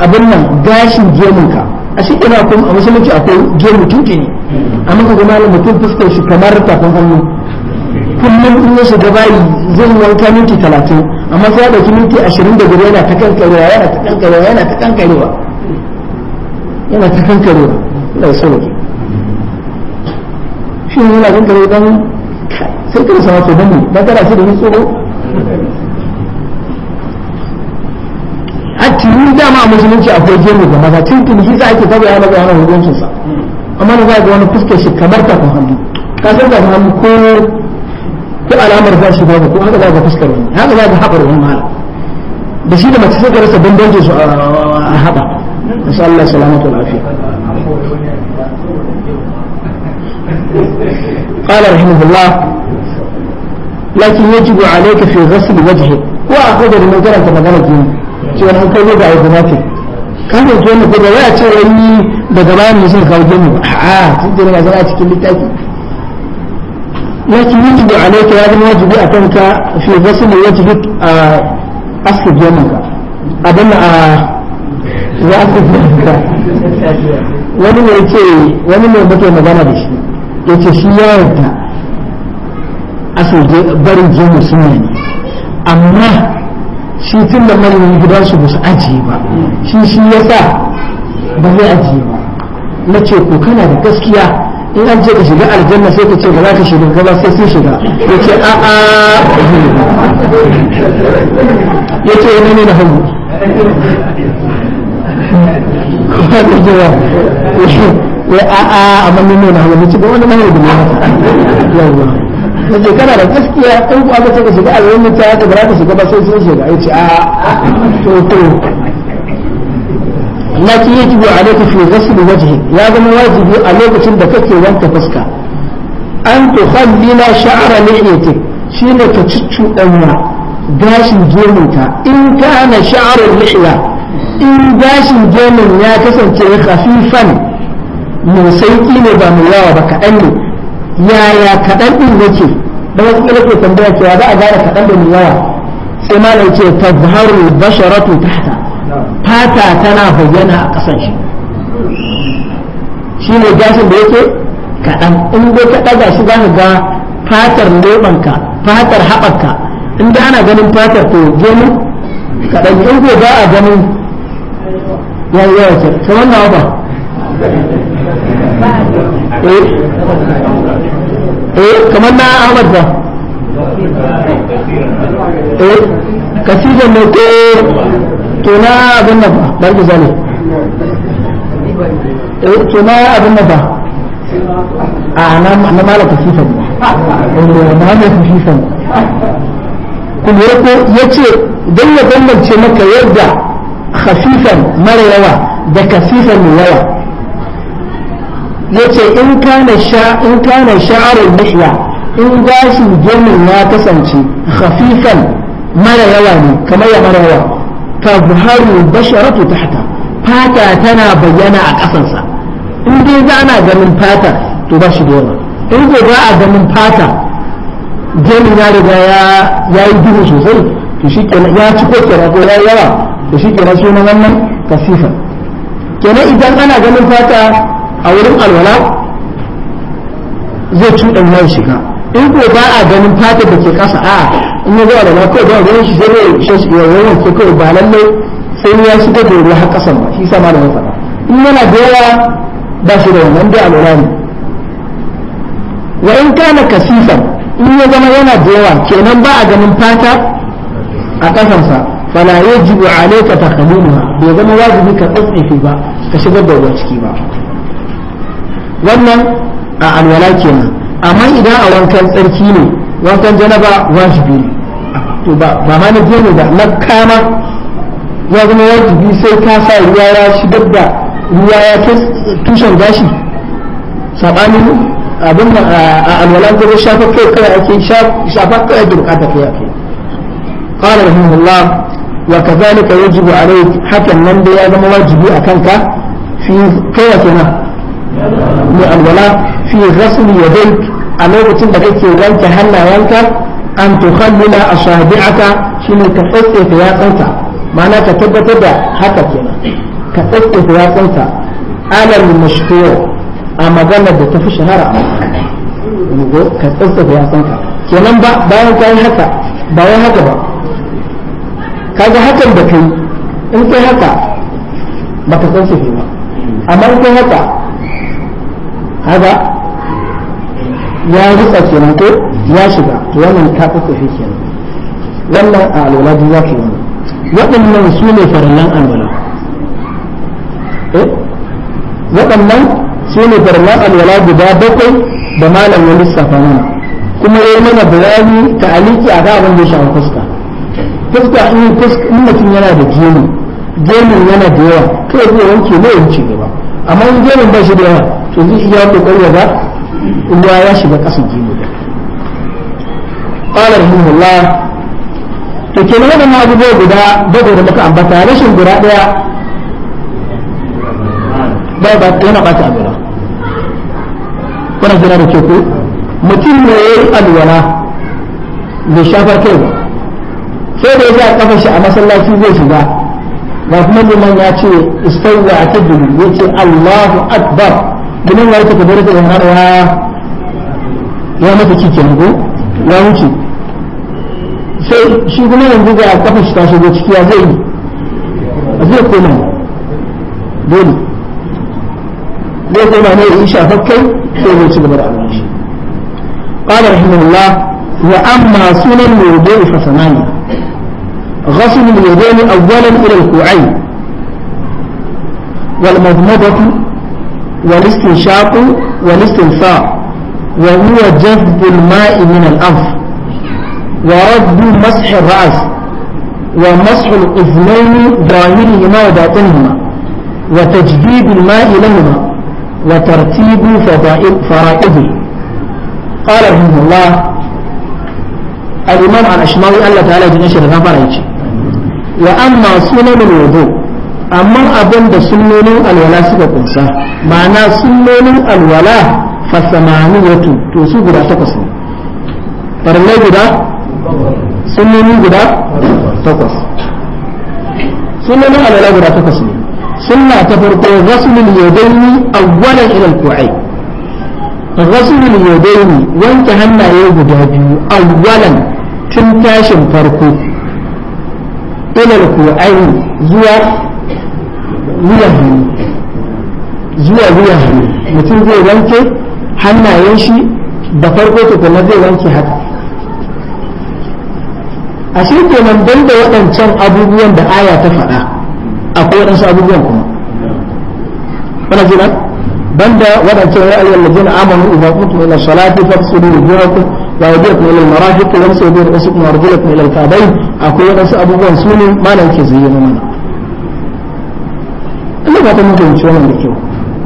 abin nan gashin gemunka a shi ina kuma a musulunci akwai gemu tuki ne amma ka kamar kullum in ya shiga bayi zai wanka minti talatin amma sai ya ɗauki minti ashirin da gari yana ta kankarewa yana ta kankarewa yana ta kankarewa yana ta kankarewa yana ta kankarewa shi ne yana sai sama kada da tsoro a dama musulunci akwai gemu ga maza tun tuni shi sa ake kaga yana ga yana hukuncin amma da za ga wani fuskar shi kamar ta kun hannu ka san hannu ko ko alamar za shi ko haka za ga fuskar wani haka za ga haɓar wani da shi da mace rasa su a haɓa insha Allah salamatu lafiya قال رحمه الله لكن يجب عليك في غسل وجهك وأخذ المجرد تبغلت cewa an kai ga gwamnati kan da tuwa ko da ya ce wani daga bayan ne sun kawo gemu a'a sun jira ga a cikin littafi lakin yajibu alayka ya zama wajibi a kanka fi ghasl wajhik a asli gemunka abin a ya magana da shi yace shi ya yarda asali barin jini sunna ne amma shi tun da malamin gida su su ajiye ba shi shi ya sa ba zai ajiye ba na ce ko kana da gaskiya in an ce ka shiga aljanna sai ka ce ba za ka shiga gaba sai sun shiga ya ce a a ya ce yana ne na hannu ba ka jira wai a'a amma mun nuna hawa mace cikin wani mai da nuna yawa nace kana da gaskiya in ku aka ce ka shiga alwani ta ta bara ka shiga ba sai sun shiga a. a'a to to laki yajibu alayka fi ghusl waje ya zama wajibi a lokacin da kake wanka fuska an tukhallila sha'ra li'atik shine ka cuccuɗanya gashin gemunka in kana sha'rul lihya in gashin gemun ya kasance khafifan mai sauki ne ba mai yawa ba kaɗan ne yaya kaɗan ɗin yake da wasu ƙila ke tambaya cewa za a gane kaɗan da mai yawa sai ma ce ta tazharu basharatu tahta fata tana bayyana a ƙasan shi shi ne gashin da yake kaɗan in dai ka ɗaga shi za ka ga fatar leɓanka fatar haɓaka in da ana ganin fatar to gemu kaɗan in ko ba a ganin ya yi yawa ce to wannan ba Eh, eh kamar na Ahmad ba eh kasidan ne ko to na abin nan ba bar zane eh to na abin nan ba a na na mala kasifan eh, na ne kasifan kuma yako yace dan ya bambance maka yadda khafifan mara yawa da kasifan mai yawa yace in kana sha in kana sha'arul mihya in gashin gemin ya kasance khafifan mara yawa ne kamar ya mara yawa ka buharu basharatu tahta fata tana bayyana a kasansa in dai za ana ganin fata to ba shi da in ko ba a ganin fata gemin ya riga ya yi duhu sosai to shi kenan ya ci ko kenan ko ya yawa to shi kenan sunan wannan kasifan kenan idan ana ganin fata a wurin alwala zai cuɗan ya shiga in ko ba a ganin fata da ke ƙasa a in ya zuwa da na kawai da wani shi zai shi shi ya wani ke kawai ba lallai sai ya shi da ruwa har kasa ba shi sama da wata. in yana da yawa ba shi da wannan da alwala ne wa in kana kasifa in ya zama yana da yawa kenan ba a ganin fata a ƙasansa فلا يجب عليك تخليمها بيزما واجبك كتصنيفي با كشغل دولة ciki ba wannan a alwala kenan amma idan a wankan tsarki ne wankan janaba wajibi ne to ba ba ma na gemu ba na kama ya zama wajibi sai ka sa ruwa ya shigar da ruwa ya tushen gashi sabanin abin da a alwala ta shafa kai kai ake shafa kai da bukata kai ake قال رحمه الله hakan nan da ya zama wajibi يا واجبي fi في nan. لأنولا في غسل يديك أمور تندك إتي وغنك هلا وانك أن تخلل أشابعك شنو كفست في ياسنك معنى كتبة تبع حتى كنا كفست في ياسنك على المشكور أما قلنا بتفي شهر كفست في ياسنك كنا باين كان حتى باين حتى kaga hakan da أنت in kai haka baka san أنت ba amma in kai haka haka ya rutsa kenan ko ya shiga to wannan ta uku shi kenan wannan a alwala duk za ka yi waɗannan su ne farallan alwala eh? waɗannan su ne farallan alwala guda bakwai da malam ya lissafa mana kuma ya mana bayani ta aliki a abin da ya shafi fuska fuska in mutum yana da gemu gemun yana da yawa kai zai wanke ne ya wuce gaba amma in jinin ba shi da yawa yanzu shi ya ko ya ba ruwa ya shiga kasan da qala rahimullah to kenan wadannan abubuwa guda bakwai da muka ambata rashin gura daya ba ba yana bata alwala kuna jira da ke ko mutum ne ya yi alwala da shafar kai ba sai da ya sa kafa shi a masallaci zai shiga ga kuma liman ya ce istawwa ya yace Allahu akbar kuma ya ta kabar da yana ya ya mata cikin go ya wuce sai shi kuma yanzu ga kafa shi ta shigo ciki ya zai zai koma dole zai koma ne ya yi shafakkai sai zai ci gaba da abin قال رحمه الله وأما سنن الوضوء فثمانية غسل اليدين أولا إلى الكوعين والمضمضة والاستنشاق والاستنفاق وهو جذب الماء من الأنف ورد مسح الرأس ومسح الأذنين ظاهرهما وباطنهما وتجديد الماء لهما وترتيب فرائضه قال رحمه الله الإمام عن أشماوي ألا تعالى جنشر غفر وأما سنن الوضوء amma abin da sunnonin alwala suka kunsa ma'ana sunnonin alwala fa samaniyatu to su guda takwas ne farallai guda sunnoni guda takwas sunnonin alwala guda takwas ne sunna ta farko rasulul yadaini awwalan ila al-ku'ay rasulul yadaini wanke hannaye guda biyu awwalan tun tashin farko ila al zuwa wuyan hannu zuwa wuyan hannu mutum zai wanke hannayen shi da farko tukuna zai wanke haka a shi kenan don da waɗancan abubuwan da aya ta faɗa akwai waɗansu abubuwan kuma wani jina ban da waɗancan ya ayyar da jina amanu idan kuntum ila salati faqsudu wujuhakum wa aydiyakum ila al-marafiq wa amsahu bi ru'usikum wa arjulakum ila al-ka'bayn akwai waɗansu abubuwan su ne malam ke zayyana mana ina ba ta mun fahimci wannan da kyau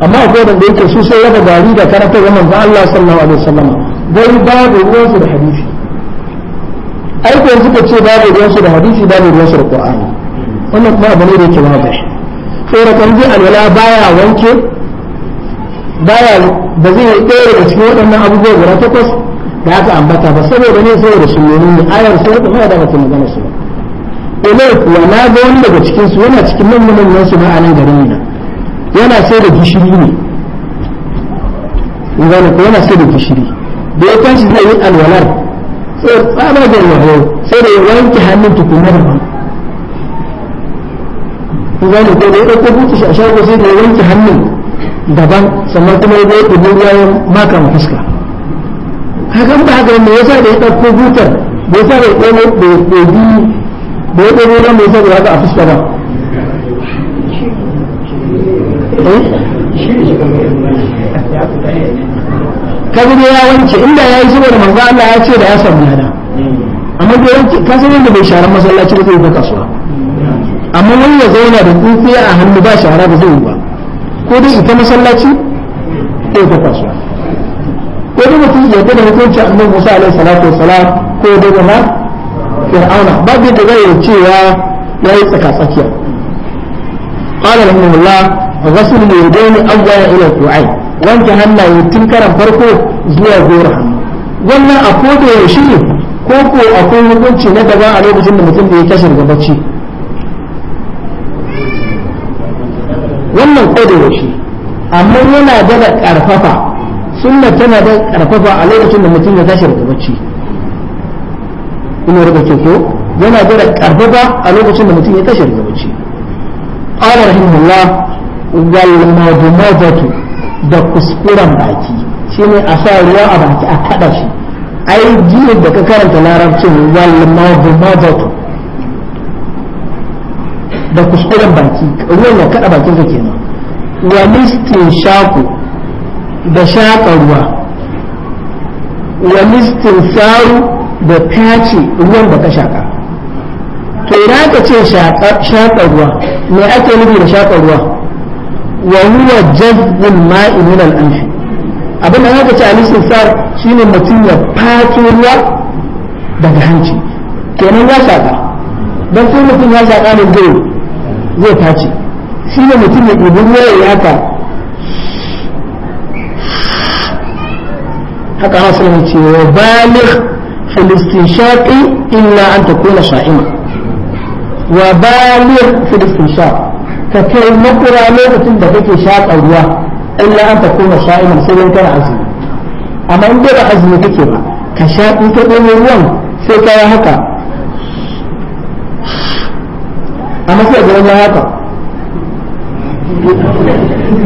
amma akwai wanda yake su sai raba gari da karantar manzon Allah sallallahu alaihi wasallam dai babu ruwansu da hadisi ai ko yanzu ce babu ruwansu da hadisi babu ruwansu da Qur'ani wannan kuma abu ne da yake wazi tsoratan ji alwala baya wanke baya ba zai yi ɗaya daga cikin waɗannan abubuwa guda takwas da aka ambata ba saboda ne saboda sunnoni ne ayar sai da mai da mutum magana su ba ilai kuwa na ga wani daga cikinsu yana cikin manyan manyan su ba a nan garin nan yana sai da gishiri ne in gane ko yana sai da gishiri da ya tashi zai yi alwalar sai tsaba da sai da wanke hannun tukunna da ba in ko da ya ɗauko a shago sai da wanke hannun daban sannan kuma ya ɗauko ruwa maka ma fuska hakan ba haka ne yasa da ya ɗauko butar da sa da ya ɗauko da ya ɗauko ruwa mai zai da haka a fuska ba kabiri ya wanke inda ya yi saboda manzo Allah ya ce da ya samu yana amma da wanke kasar yadda bai sharar masallaci ba zai yi kasuwa amma wani ya zauna da tsintsiya a hannu ba shara ba zai yi ba ko dai ita masallaci ko ko kasuwa ko dai mutum ya gada hukunci annabi Musa alaihi salatu wassalam ko dai ba fir'auna babu da zai cewa ya yi tsaka tsakiya qala rahimahullah غسل اليدين أول إلى الكوعين wanke hannaye tun karan farko zuwa gora wannan a koda yaushe ne ko ko akwai hukunci na daban a lokacin da mutum ya tashi daga bacci wannan amma yana daga karfafa sunna tana da karfafa a lokacin da mutum ya tashi daga bacci kuma rika ko yana da karfafa a lokacin da mutum ya tashi daga bacci قال rahimullah walmadmadatu da kuskuren baki shine a sa ruwa a baki a kada shi ai jiya da ka karanta larabcin walmadmadatu da kuskuren baki ruwan ya kada bakin ka kenan wa mistin shaku da shaka ruwa wa mistin saru da tace ruwan da ka shaka to idan ka ce shaka ruwa me ake nufi da shaka ruwa وهو جذب الماء من الأنف abin da aka ce al-istinsar shine mutum ya fato ruwa daga hanci kenan ya shaka dan sai mutum ya shaka ne zai zai face shi ne mutum ya ɗibi ruwa ya haka haka hasu ne ce wa baligh fil istinshaqi illa an takuna sha'ima wa baligh fil istinshaq ka kai makura lokacin da kake shaƙa ruwa illa an ta koma sha'iman sai dai kana azumi amma in dai ba azumi kake ba ka sha in ka ɗanyo ruwan sai ka yi haka amma sai ga wani haka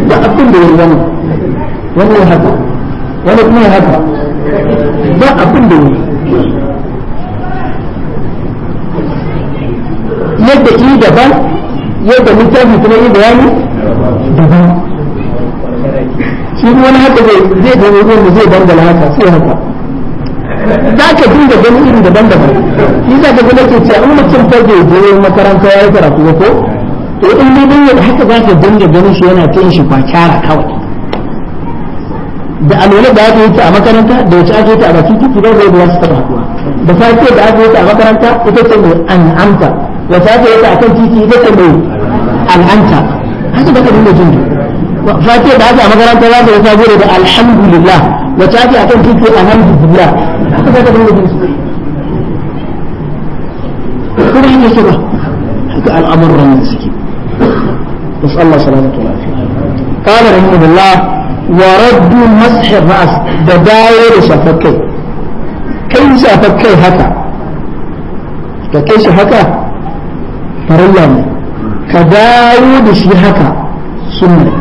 da abin da ya wani wani ya haka wani kuma ya haka ba abin da ya yadda yi daban yadda littafi kuma yi bayani daban shi wani haka zai gano ruwan da zai dangala haka sai haka za ka dinga gani irin daban-daban shi za ka gina ke cewa an mutum fage je makaranta ya yi karatu ko to in dai dinga haka za ka dinga ganin shi yana kai shi kyara kawai da alwala da aka yi ta a makaranta da wace aka yi ta a bakin titi ba zai ba su taba haɗuwa da safiya da aka yi ta a makaranta ita ce mai an'amta wata aka yi ta a kan titi ita ce mai al'anta haka da ka dinga jin fatiha da ake a makaranta za ka ga sabuwar da alhamdulillah wacce ake akan titi alhamdulillah haka da ka dinga jin kuma haka ke ba haka al'amuran suke wasu Allah salamatu wa lafiya قال رحمه الله ورد مسح الرأس دباير شفكي كي شفكي هكا كي شفكي فرلا منه ka dawo da shi haka sunna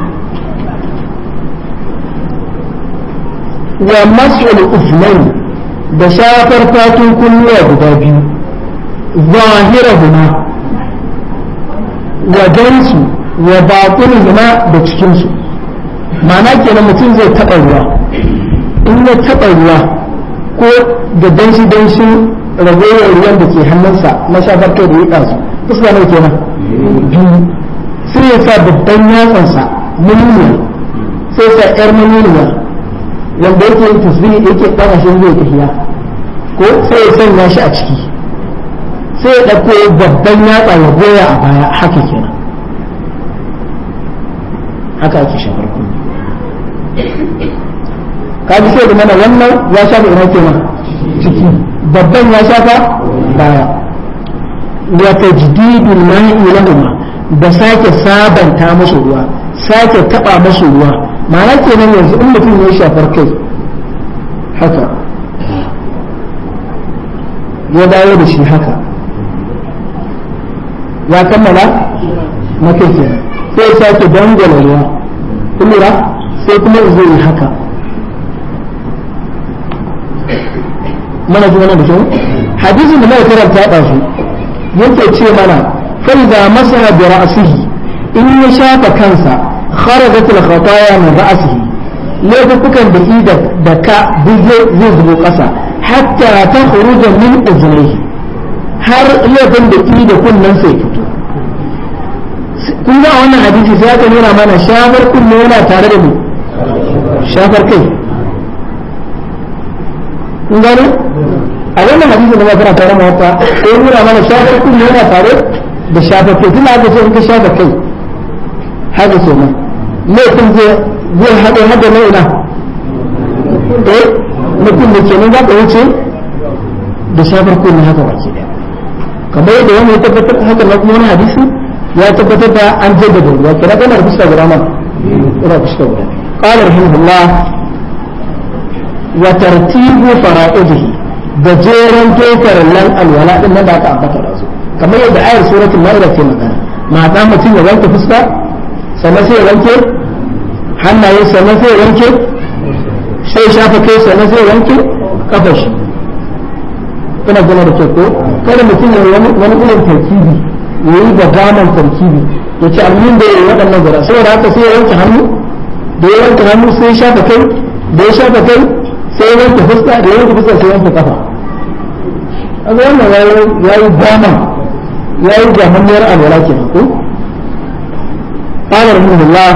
wa mas'ul ufnai da shafar fatun kunnuwa guda biyu zahirahuma wajensu wa baƙunihima da cikinsu ma'ana kenan mutum zai taɓa ruwa in ya taɓa ruwa ko da danshi danshin ragowar ruwan da ke hannunsa na shafar kai da ya ɗazu fuska nau kenan biyu sai ya sa babban yatsansa manuniya sai sa yar manuniya wanda yake yin tasbihi yake ɗaga shi zai tafiya ko sai ya sanya shi a ciki sai ya ɗauko babban yatsa ya goya a baya haka kenan haka ake shafar kunne ka ji sai da mana wannan ya shafa ina kenan ciki babban ya shafa baya wa tajdidul ma'i lahum da sake sabanta musu ruwa sake taba musu ruwa ma'ana kenan yanzu in mutum ya shafar kai haka ya dawo da shi haka ya kammala na kai kenan sai sake dangana ruwa kun sai kuma zai yi haka mana ji wannan da kyau hadisin da mai karanta ya ɗazu yake ce mana fa'iza masaha bi ra'sihi in ya shafa kansa kharajat al khataya min ra'sihi laifukan da ida da ka buje zai zubo kasa hatta ta khuruja min uzrihi har laifin da ida kunnan sai fito kun ga wannan hadisi sai aka nuna mana shafar kunne yana tare da mu shafar kai kun gano a wannan hadisi da magana tare ma wata ko nuna mana shafar kun yana tare da shafar kai tun haka sai in ka shafa kai haka ce Me laifin zai zai haɗe haɗe na ina eh mutum da kenan za ka wuce da shafar kun haka baki ɗaya kamar yadda wani ya tabbatar haka na kuma wani hadisi ya tabbatar da an da jaddada Ya kira kana da fuska guda nan ina fuska guda قال رحمه الله وترتيب فرائضه jeren tofar nan alwala din nan da aka ambata da su kamar yadda ayar suratul maida ce magana mata mutum ya wanke fuska sannan sai ya wanke hannaye sannan sai ya wanke sai shafa kai sannan sai ya wanke kafa shi kana gama da kyau ko kada mutum ya wani irin tarkibi ya yi da gaman tarkibi ya ce amin da ya yi waɗannan gara saboda haka sai ya wanke hannu da ya wanke hannu sai ya shafa kai da ya shafa kai sai ya wanke fuska da ya wanke fuska sai ya wanke kafa kaga wannan yayi gama yayi gamanniyar alwala ke ko qala rahimahullah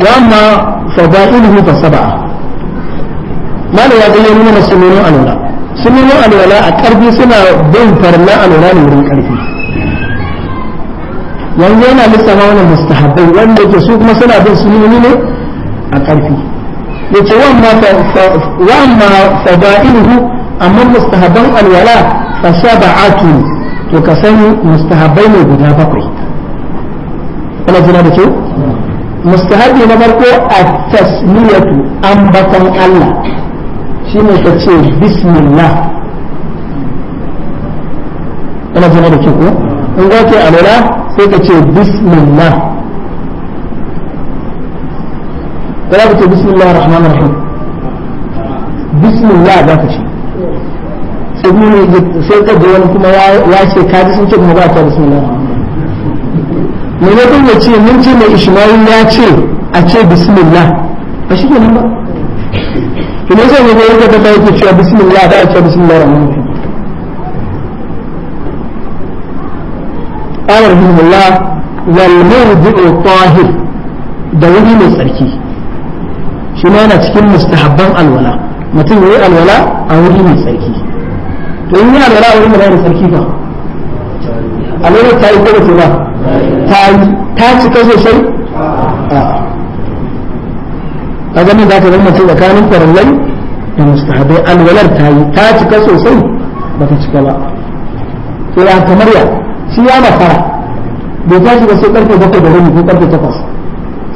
wa amma fadailuhu fa sab'a ma mana ya bayyana mana sunan alwala sunan alwala a karfi suna bin farna alwala ne wurin karfi yanzu yana lissafa wannan mustahabbai wanda ke su kuma suna bin sunoni ne a karfi yace wa amma fadailuhu amma mustahaban alwala fa sab'atu to ka sani mustahabai ne guda bakwai kana jira da kyau mustahabi na farko at-tasmiyatu ambatan Allah shine ka ce bismillah kana jira da ko in ga ke alwala sai ka ce bismillah kana ka ce bismillahir rahmanir rahim bismillah za ka ce kuma sai ka wani kuma ya ce ka ji sun ce kuma ba ta mai ne ce mun ce mai ishmael ya ce a ce bismillah ba shi ba to ne sai ne cewa bismillah da a ce bismillah rahimullah wal mawdu'u tahir da wuri mai tsarki shi ma yana cikin mustahabban alwala mutum yayi alwala a wuri mai tsarki to in yana da ra'ayin da sarki fa a lura ta yi ko ba ta yi ta cika sosai a ganin za ta zama ce tsakanin farallai da mustahabai alwalar ta yi ta cika sosai ba ta cika ba to ya kamar ya shi ya mafara bai ta shiga sai karfe bakwai da rabi ko karfe takwas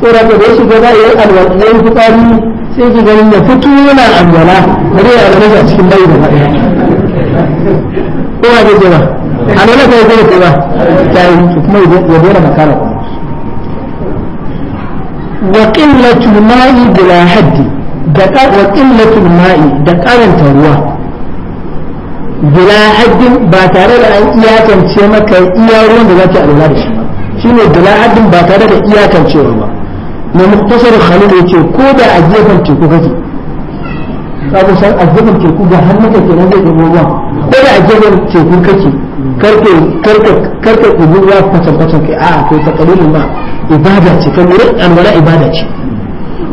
sai raka da ya shiga za a yi alwalar ya yi sai ki ganin ya fito yana alwala bari ya alwala cikin bayi da ko ba zai ce ba alwala ta yi ko ce ba ta yi kuma ya dora makara wa qillatul ma'i bila haddi da wa qillatul ma'i da karanta ruwa bila haddin ba tare da an iyakance maka iya ruwan da zaki alwala da shi ba shine bila haddin ba tare da iyakancewa ba na muktasar khalil yace ko da a gefen teku kake ka ku san a teku ga hannunka kenan zai ɗebo ruwan ko da a gefen teku kake karke karke karke kubu ruwa kwatan kwatan kai a kai ta kalilin ma ibada ce kan wurin wala ibada ce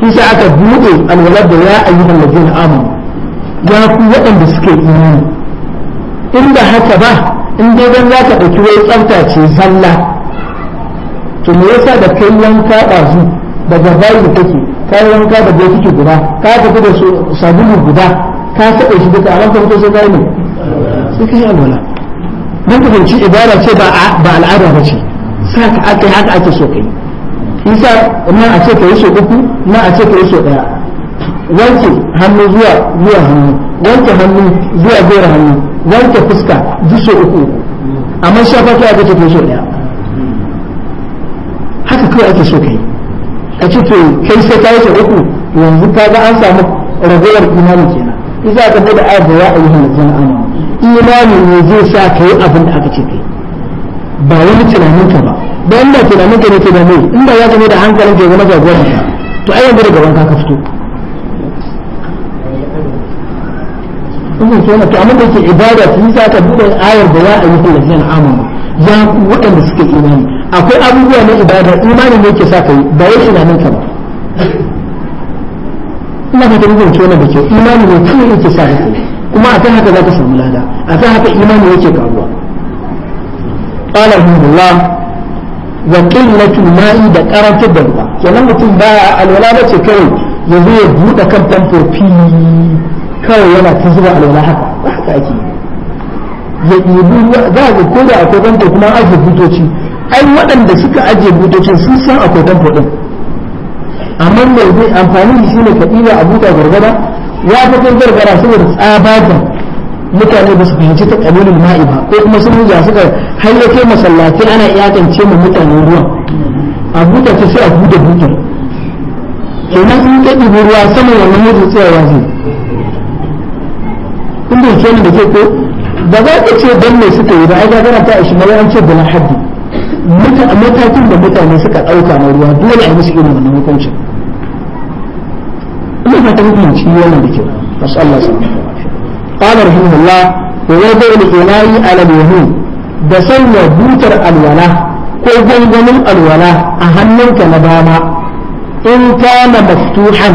Kisa aka bude buɗe wala da ya ayyuhan ladina amanu ya ku waɗanda suke imani in ba haka ba in dai dan za ka ɗauki wai tsafta ce zalla to me yasa da kai yanka ɗazu daga bayi da take ka yi wanka da bokiti guda ka tafi da sabulu guda ka saba shi duka amma kuma sai kai ne sai kai alwala mun fahimci ibada ce ba al'ada ba ce sa ka aka yi haka ake so kai isa na a ce ka yi so uku na a ce kai so daya wanke hannu zuwa zuwa hannu wanke hannu zuwa zuwa hannu wanke fuska duk so uku amma shafa ta aka ce so daya haka kawai ake so kai a ce to kai sai ka wuce uku yanzu ka ga an samu ragowar imani kenan idan ka bude ayat da ya ayyuhal ladzina amanu imani ne zai sa ka yi abin da aka ce kai ba wani tunanin ka ba dan da tunanin ka ne ke da mai inda ya zama da hankalin ka ya zama jagoran ka to ai yanzu daga wanka ka fito kuma ke to amma da yake ibada sun sa ka bude ayar da ya ayyuhal ladzina amanu ya waɗanda suka imani akwai abubuwa na ibada imanin ne yake sa ka yi ba yake na ka ba ina ka tabbatar fahimci wannan da kyau imani ne kawai yake sa ka kuma akan haka za ka samu lada akan haka imani yake karuwa قال رحمه na وقلة da ده da ruwa kenan mutum ba alwala ba ce kawai ya zo ya buɗe kan famfofi kawai yana ta zuba alwala haka haka ake yi ya ɗibi za a ko da akwai famfo kuma ake butoci ai waɗanda suka ajiye butocin sun san akwai tamfo din amma mai zai amfani shi ne ka ɗiba a buta gargara ya fi kai gargara saboda tsabata mutane ba su fahimci ta ƙabilul ma'i ba ko kuma sun ruja suka hayyake masallatai ana iyakance mu mutane ruwan a buta sai a buɗe butar kenan in ka ɗibi ruwa sama wannan mutu tsayawa zai kun da ke da ke ko ba za ka ce don mai suka yi ba ai gagara ta ishi mai an ce bala haddi matakin da mutane suka ɗauka na ruwa dole a musu irin wannan hukuncin ina fata hukunci yana da kyau wasu Allah su قال رحمه الله ووضع الإناء على اليمين بسن بوتر الولاء كو غنغن الولاء أهمك نداما إن كان مفتوحا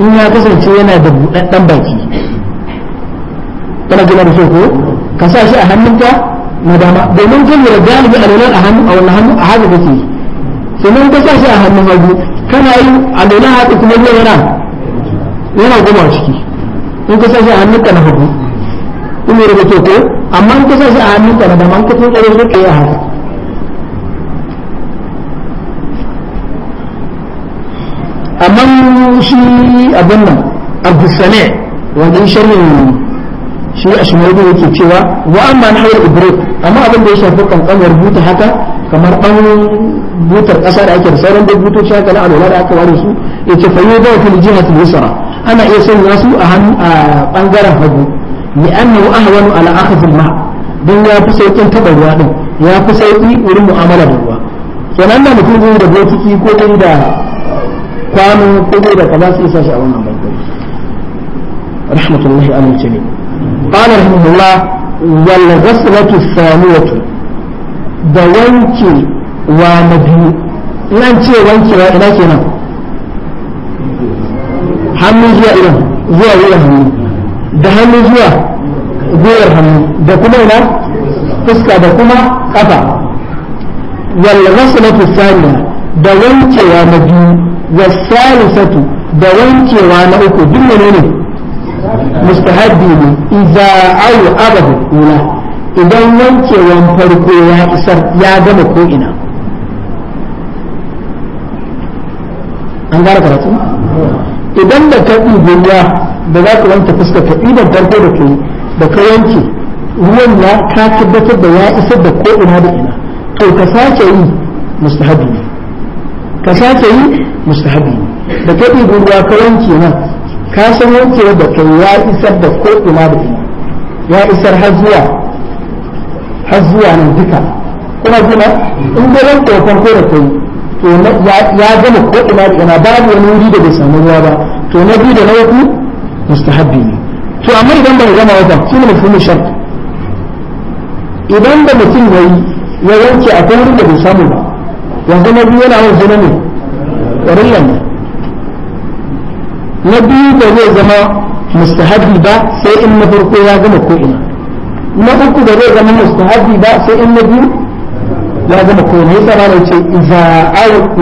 إن يكسر سينا دبوتن باكي kana jina da ko ka sa shi a hannunka na dama domin yi da galibi alolan a hannu a wannan hannu a hagu kake sannan ka sa shi a hannun hagu kana yi a alolan hagu kuma zai yana yana goma ciki mun ka sa shi a hannun ka na hagu in yi rubuto ko amma in ka sa shi a hannun ka na dama in ka tun tsaro zai kai a haka amma shi abin nan abdulsane wani shirin shi a shumaidu yake cewa wa amma na hawar ibrik amma abin da ya shafi kankanar buta haka kamar ɗan butar ƙasa da ake da sauran da butoci haka na alwala da aka ware su yace fa yuba fil jihati yusra ana iya sanya su a hannu a bangaren hagu li annahu ahwanu ala akhdh al ma dan ya fi saukin taba ruwa din ya fi sauki wurin mu'amala da ruwa kenan na mutum zai da botiki ko dai da kwano ko dai da kaza sai sa shi a wannan bangare rahmatullahi alal jami'a قال رحمه الله والغسلة الثانية da wanke wa na biyu nan ce wanke wa ina hannu zuwa ina zuwa wuyan hannu da hannu zuwa gwiwar hannu da kuma ina fuska da kuma kafa wal ghaslatu na biyu da wankewa na uku duk menene mustahabbi ne idza au abadu kula idan wankewan farko ya isar ya gama ko ina an gara karatu idan da ka ɗibi ruwa da za ka wanke fuskar ka ɗiban farko da kai da ka wanke ruwan ya ka tabbatar da ya isar da ko ina da ina to ka sace yi mustahabbi ne ka sake yi mustahabbi ne da ka ɗibi ruwa ka wanke nan ka san wankewa da kai ya isar da ko ina da ina ya isar har zuwa har zuwa nan duka kuma kuma in da ranka ya farko da kai to ya gama ko ina da ina babu wani wuri da bai samu ruwa ba to na biyu da na uku mustahabbi ne to amma idan bai gama wata shi ne mutum shart idan da mutum ya yi ya wanke a wurin da bai samu ba yanzu na biyu yana wanzu ne ƙwararren ne na biyu ba zai zama mustahabi ba sai in na farko ya gama ko ina na uku ba zai zama mustahabi ba sai in na biyu ya gama ko'ina ya tsara da ce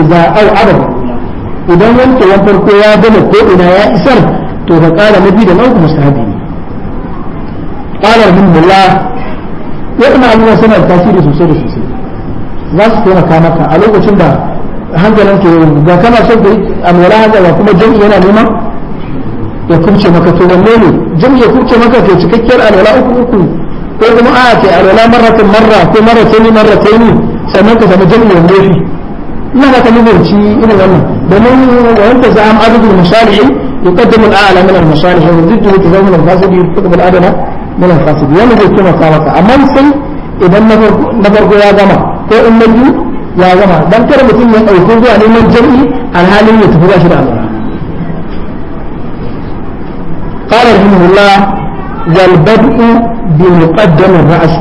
iza au arab idan wankewan farko ya gama ko ina ya isar to ba kala na biyu da na uku mustahabi ne قال رحمه الله waɗannan abubuwan suna da tasiri sosai da sosai za su taimaka maka a lokacin da hankalin ke ga kana so ka yi alwala haka kuma jami'i yana neman ya kubce maka to wanne ne jin ya kubce maka to cikakkiyar alwala uku uku ko kuma a ce alwala marratin marra ko marratani marratani sannan ka samu jami'in wanne shi ina ba ta mugunci irin wannan domin wani ta za'am adadin mashari'i يقدم الأعلى من المصالح وضده تزوج من الفاسد يقدم الأدنى من الفاسد ولا زي كما سابقا أما sai idan na farko ya gama ko in na biyu ya gama dan kar mutum ya ɗauki zuwa neman jami'i alhalin ya tafi ba shi da Allah رحمه الله والبدء بمقدم الرأس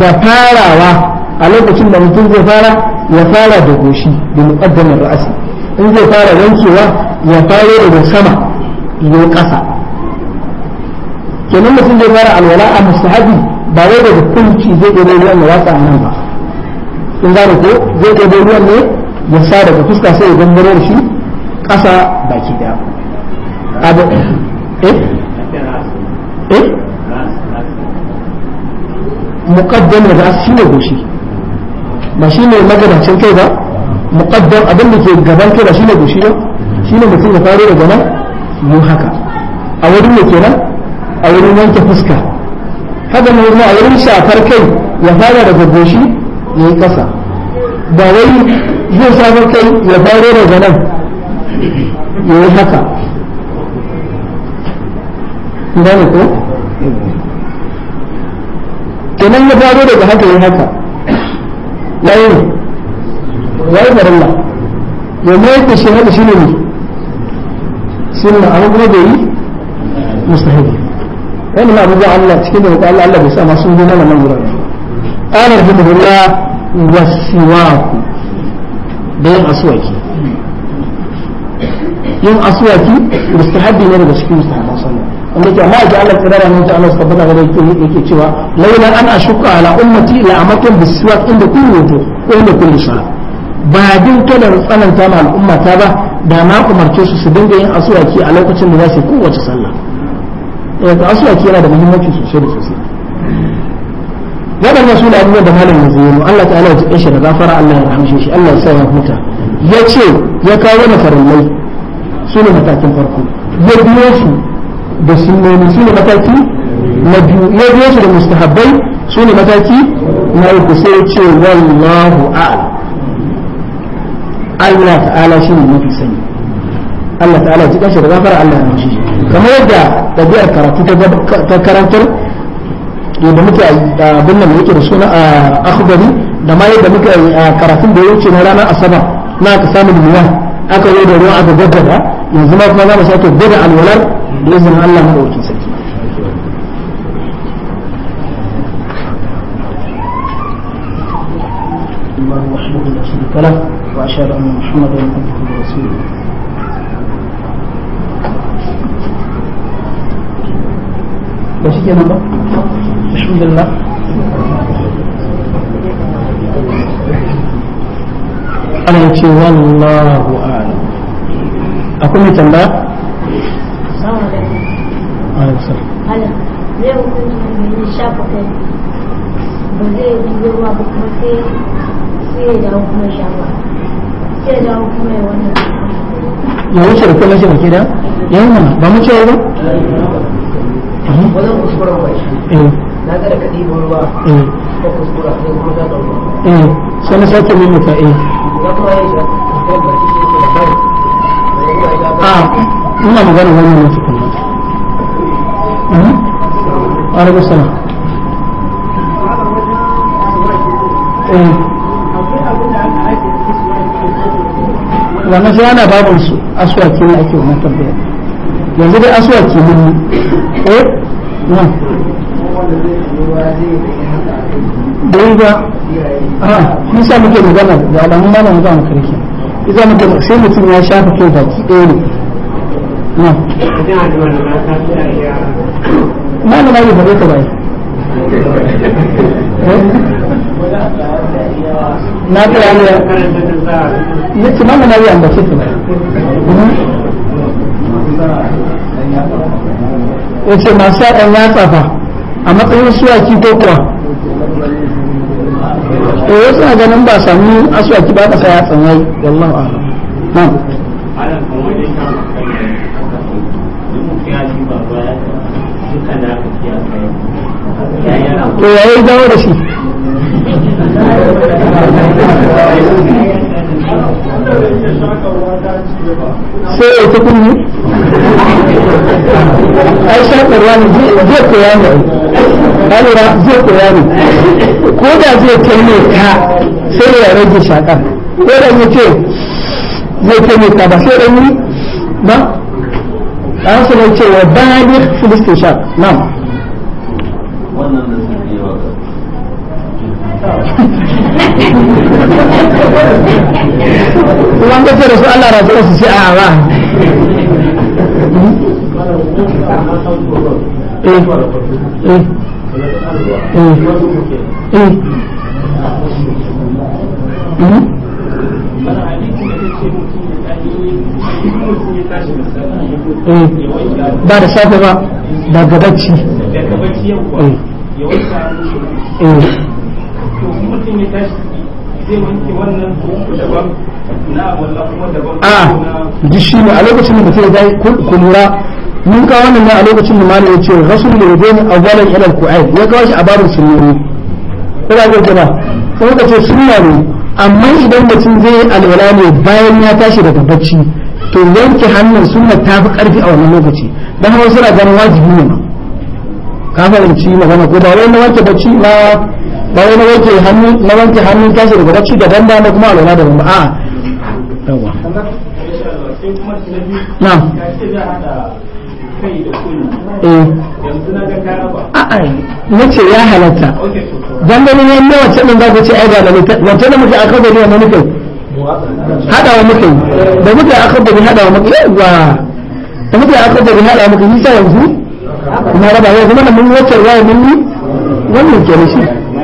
بفارة a lokacin da mutum zai fara ya fara da goshi da ra'asi in zai fara wankewa ya faro sama ya kenan mutum zai fara alwala a musahabi ba wai daga kunci zai ɗebo ruwan ya watsa nan ba in za ko zai ɗebo ruwan ne ya sa daga fuska sai ya gangaro shi ƙasa baki daya eh eh muqaddam ras shine goshi ba shine magabacin kai ba muqaddam abin da ke gaban kai ba shine goshi ba shine mutum ya faro daga nan mu haka a wurin da kenan a wurin wanke fuska haka ne kuma a wurin shafar kai ya fara daga goshi ya yi kasa ba wai zai shafar kai ya faro daga nan ya yi haka gane ko kenan ya faro daga haka yi haka yayi yayi farilla ya mai ta shi shi ne ne yi mustahabi abubuwa Allah cikin da Allah bai sa masu yi mana nan wurare da yin yin ne daga cikin wanda ke ma ji Allah tsirara ne ta Allah su tabbata ga yake yake cewa laila an ashuka ala ummati la amakan biswak inda kullu wudu inda kullu sala ba din da tsananta ma al'umma ta ba da na umarce su su dinga yin asuwaki a lokacin da za su kowace sallah yanzu eh, asuwaki yana da muhimmanci sosai da sosai waɗannan su da abubuwa da malamin yanzu yi Allah ta'ala ya jikin shi da gafara Allah ya hamshe shi Allah ya sa ya huta ya ce ya kawo na farallai su ne matakin farko ya biyo su da sunnoni su ne mataki na biyu na biyu su da mustahabbai su ne mataki na uku sai ce wallahu a'lam Allah ta'ala shi ne mafi sani Allah ta'ala ji kashi da gafara Allah ya mashi kamar yadda ɗabi'ar karatu ta karantar yadda muke abin nan yake da suna akhbari da ma yadda muke karatun da yake na ranar asaba na ka samu ruwa aka yi da ruwa aka gaggaba yanzu ma kuma za mu sake gwada alwalar da izinin Allah maɗaukin sarki الله وحده لا شريك له واشهد tambaya Ala, ba ruwa kuma sai ya kuma ya kuma ya Ya kuma shi shi. kuma kuma ya yi ina magana wannan ne cikin nan hmm? alaikum assalam eh. wannan sai ana babin su aswaki ne ake wannan tambaya yanzu dai aswaki ne eh na hmm. dai ba ah, a muke magana da alamun mutum sai mutum ya shafa kai baki ɗaya ne ما لما يفعل كبير na ta yana ya ta ba mhm. masu yaɗan ya tsafa a matsayin suwaki ko kuwa to suna ganin ba sami asuwaki ba ƙasa ya wallahu a'lam to ya yi dawo da shi sai ya ta kunni ai shakarwa ne zai koya ne ɗalira zai koya ne ko da zai kai ka sai ya rage shakar ko da zai ce zai kai ka ba sai ɗan yi ba an su ne cewa ba ne filistin sha na'am kuma an da su Allah rasu wasu sai a ba ba da safe ba da gabaci eh. eh. ya ya a ah, ji shi ne a lokacin da mutum ya mun kawo wannan ne a lokacin da malam ce rasul da yadda ne awwalan ila al-qur'an ya kawo shi a babin sunnoni ko da gaje sai muka ce sunna ne amma idan mutum zai yi alwala ne bayan ya tashi daga bacci to yanke hannun sunna ta fi karfi a wannan lokaci dan haka suna ganin wajibi ne ma ka fahimci magana ko ba wai na wanke bacci na ba wai na wanke hannu na wanke hannun tashi daga bacci da danda na kuma alwala da bamba a yawa na eh. na ce ya halatta dan ganin yan ne wacce din za ku ce ai ba da wacce da muke akaba ne wannan muke hadawa muke da muke akaba ne hadawa muke yawa da muke akaba ne hadawa muke nisa yanzu na raba yau kuma da mun wacce ruwa mun yi wannan kenan shi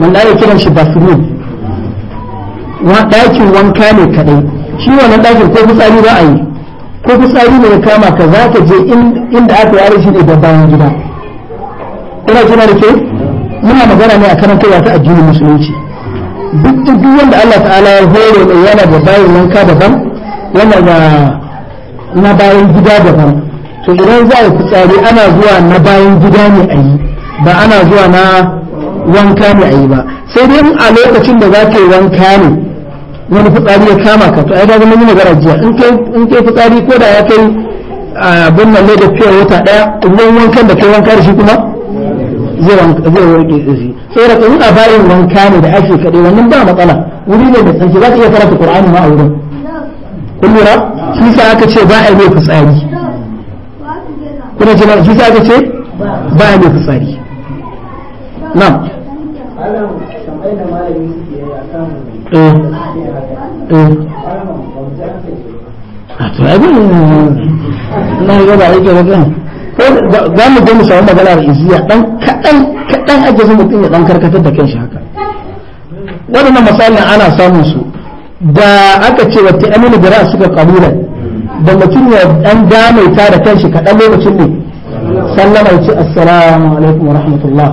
wanda ake kiran shi bathroom ɗakin wanka ne kaɗai shi wannan ɗakin ko fitsari ba a ko fitsari ne ya kama ka za ka je inda aka yi shi ne da bayan gida ina kina da ke muna magana ne a karantarwa ta addinin musulunci duk duk wanda Allah ta'ala ya hore mai yana da bayan wanka daban yana da na bayan gida daban to idan za a fitsari ana zuwa na bayan gida ne a yi ba ana zuwa na wanka ne a yi ba sai dai a lokacin da za ka yi wanka ne wani fitsari ya kama ka to ai da yi magana jiya in kai fitsari ko da ya kai abin nan da fiye wata daya ruwan wankan da kai wanka da shi kuma zai warke shi sai da in a bayan wanka ne da ake kaɗai wannan ba matsala wuri ne da tsanki za ka iya karanta qur'ani ma a wurin kun lura shi sa aka ce ba a yi fitsari kuna jira shi sa aka ce ba a yi fitsari na'am malam tambayar da malami suke yi a kan eh. Eh. Ah, to abin na yi ba yake magana za mu je mu samu maganar iziya dan kaɗan kaɗan ake so mutum ya dan karkatar da kanshi haka waɗannan misalin ana samun su da aka ce ta aminu bira suka kabila da mutum ya dan damaita da kanshi kaɗan lokacin ne sallama ya ce assalamu alaikum wa rahmatullah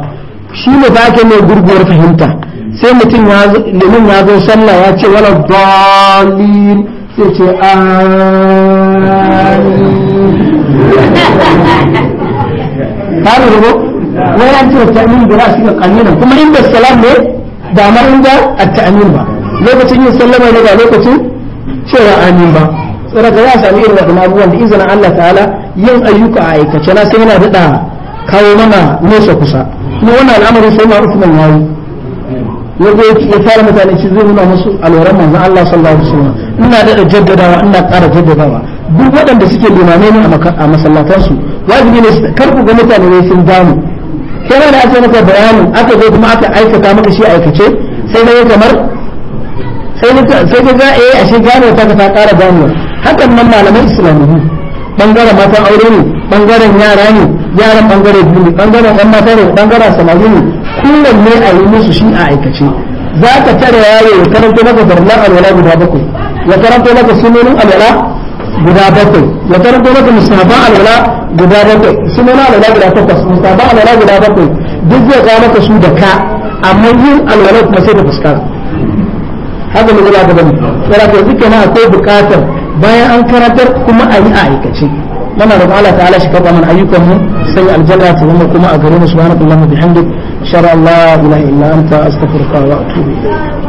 shi ne ba ke mai gurguwar fahimta sai mutum ya limin ya zo sallah ya ce wala dalil sai ce amin ta rubo wani an ce ta'amin da rasu ga kanina kuma inda salam ne ba ma inda at-ta'amin ba lokacin yin sallama ne ba lokacin cewa amin ba ga ya sami irin waɗannan abubuwan da izinin Allah ta'ala yin ayyuka a aikace na sai yana daɗa kawo mana nesa kusa kuma wannan al'amari sai ma usman yi ya zo ya fara mutane shi zai nuna musu alwaran manzon Allah sallallahu alaihi wasallam ina da jaddadawa ina ƙara jaddadawa duk waɗanda suke limame ne a masallatansu wajibi ne karku ga mutane ne sun damu kai da aka maka bayanin aka zo kuma aka aikata maka shi aikace sai dai kamar sai ka ga eh ashe gano ta ka ta ƙara damuwa hakan nan malaman islamu bangaren matan aure ne bangaren yara ne yaran bangare biyu bangare bangaren yan mata ne bangaren samari ne kullum ne a yi musu shi a aikace za ka tare yaro ya karanto maka farlan alwala guda bakwai ya karanto maka sunonin alwala guda bakwai ya karanto maka musaban alwala guda bakwai sunonin alwala guda takwas musaban alwala guda bakwai duk zai kawo maka su da ka amma yin alwala kuma sai da fuskar haka ne guda gaban ne tsara ko duka na akwai bukatar bayan an karantar kuma a yi a aikace لنا رب تعالى شكرا من أيكم سيء الجنة ومكما أقرون سبحانك اللهم بحمدك شر الله إله إلا أنت أستغفرك وأتوب إليك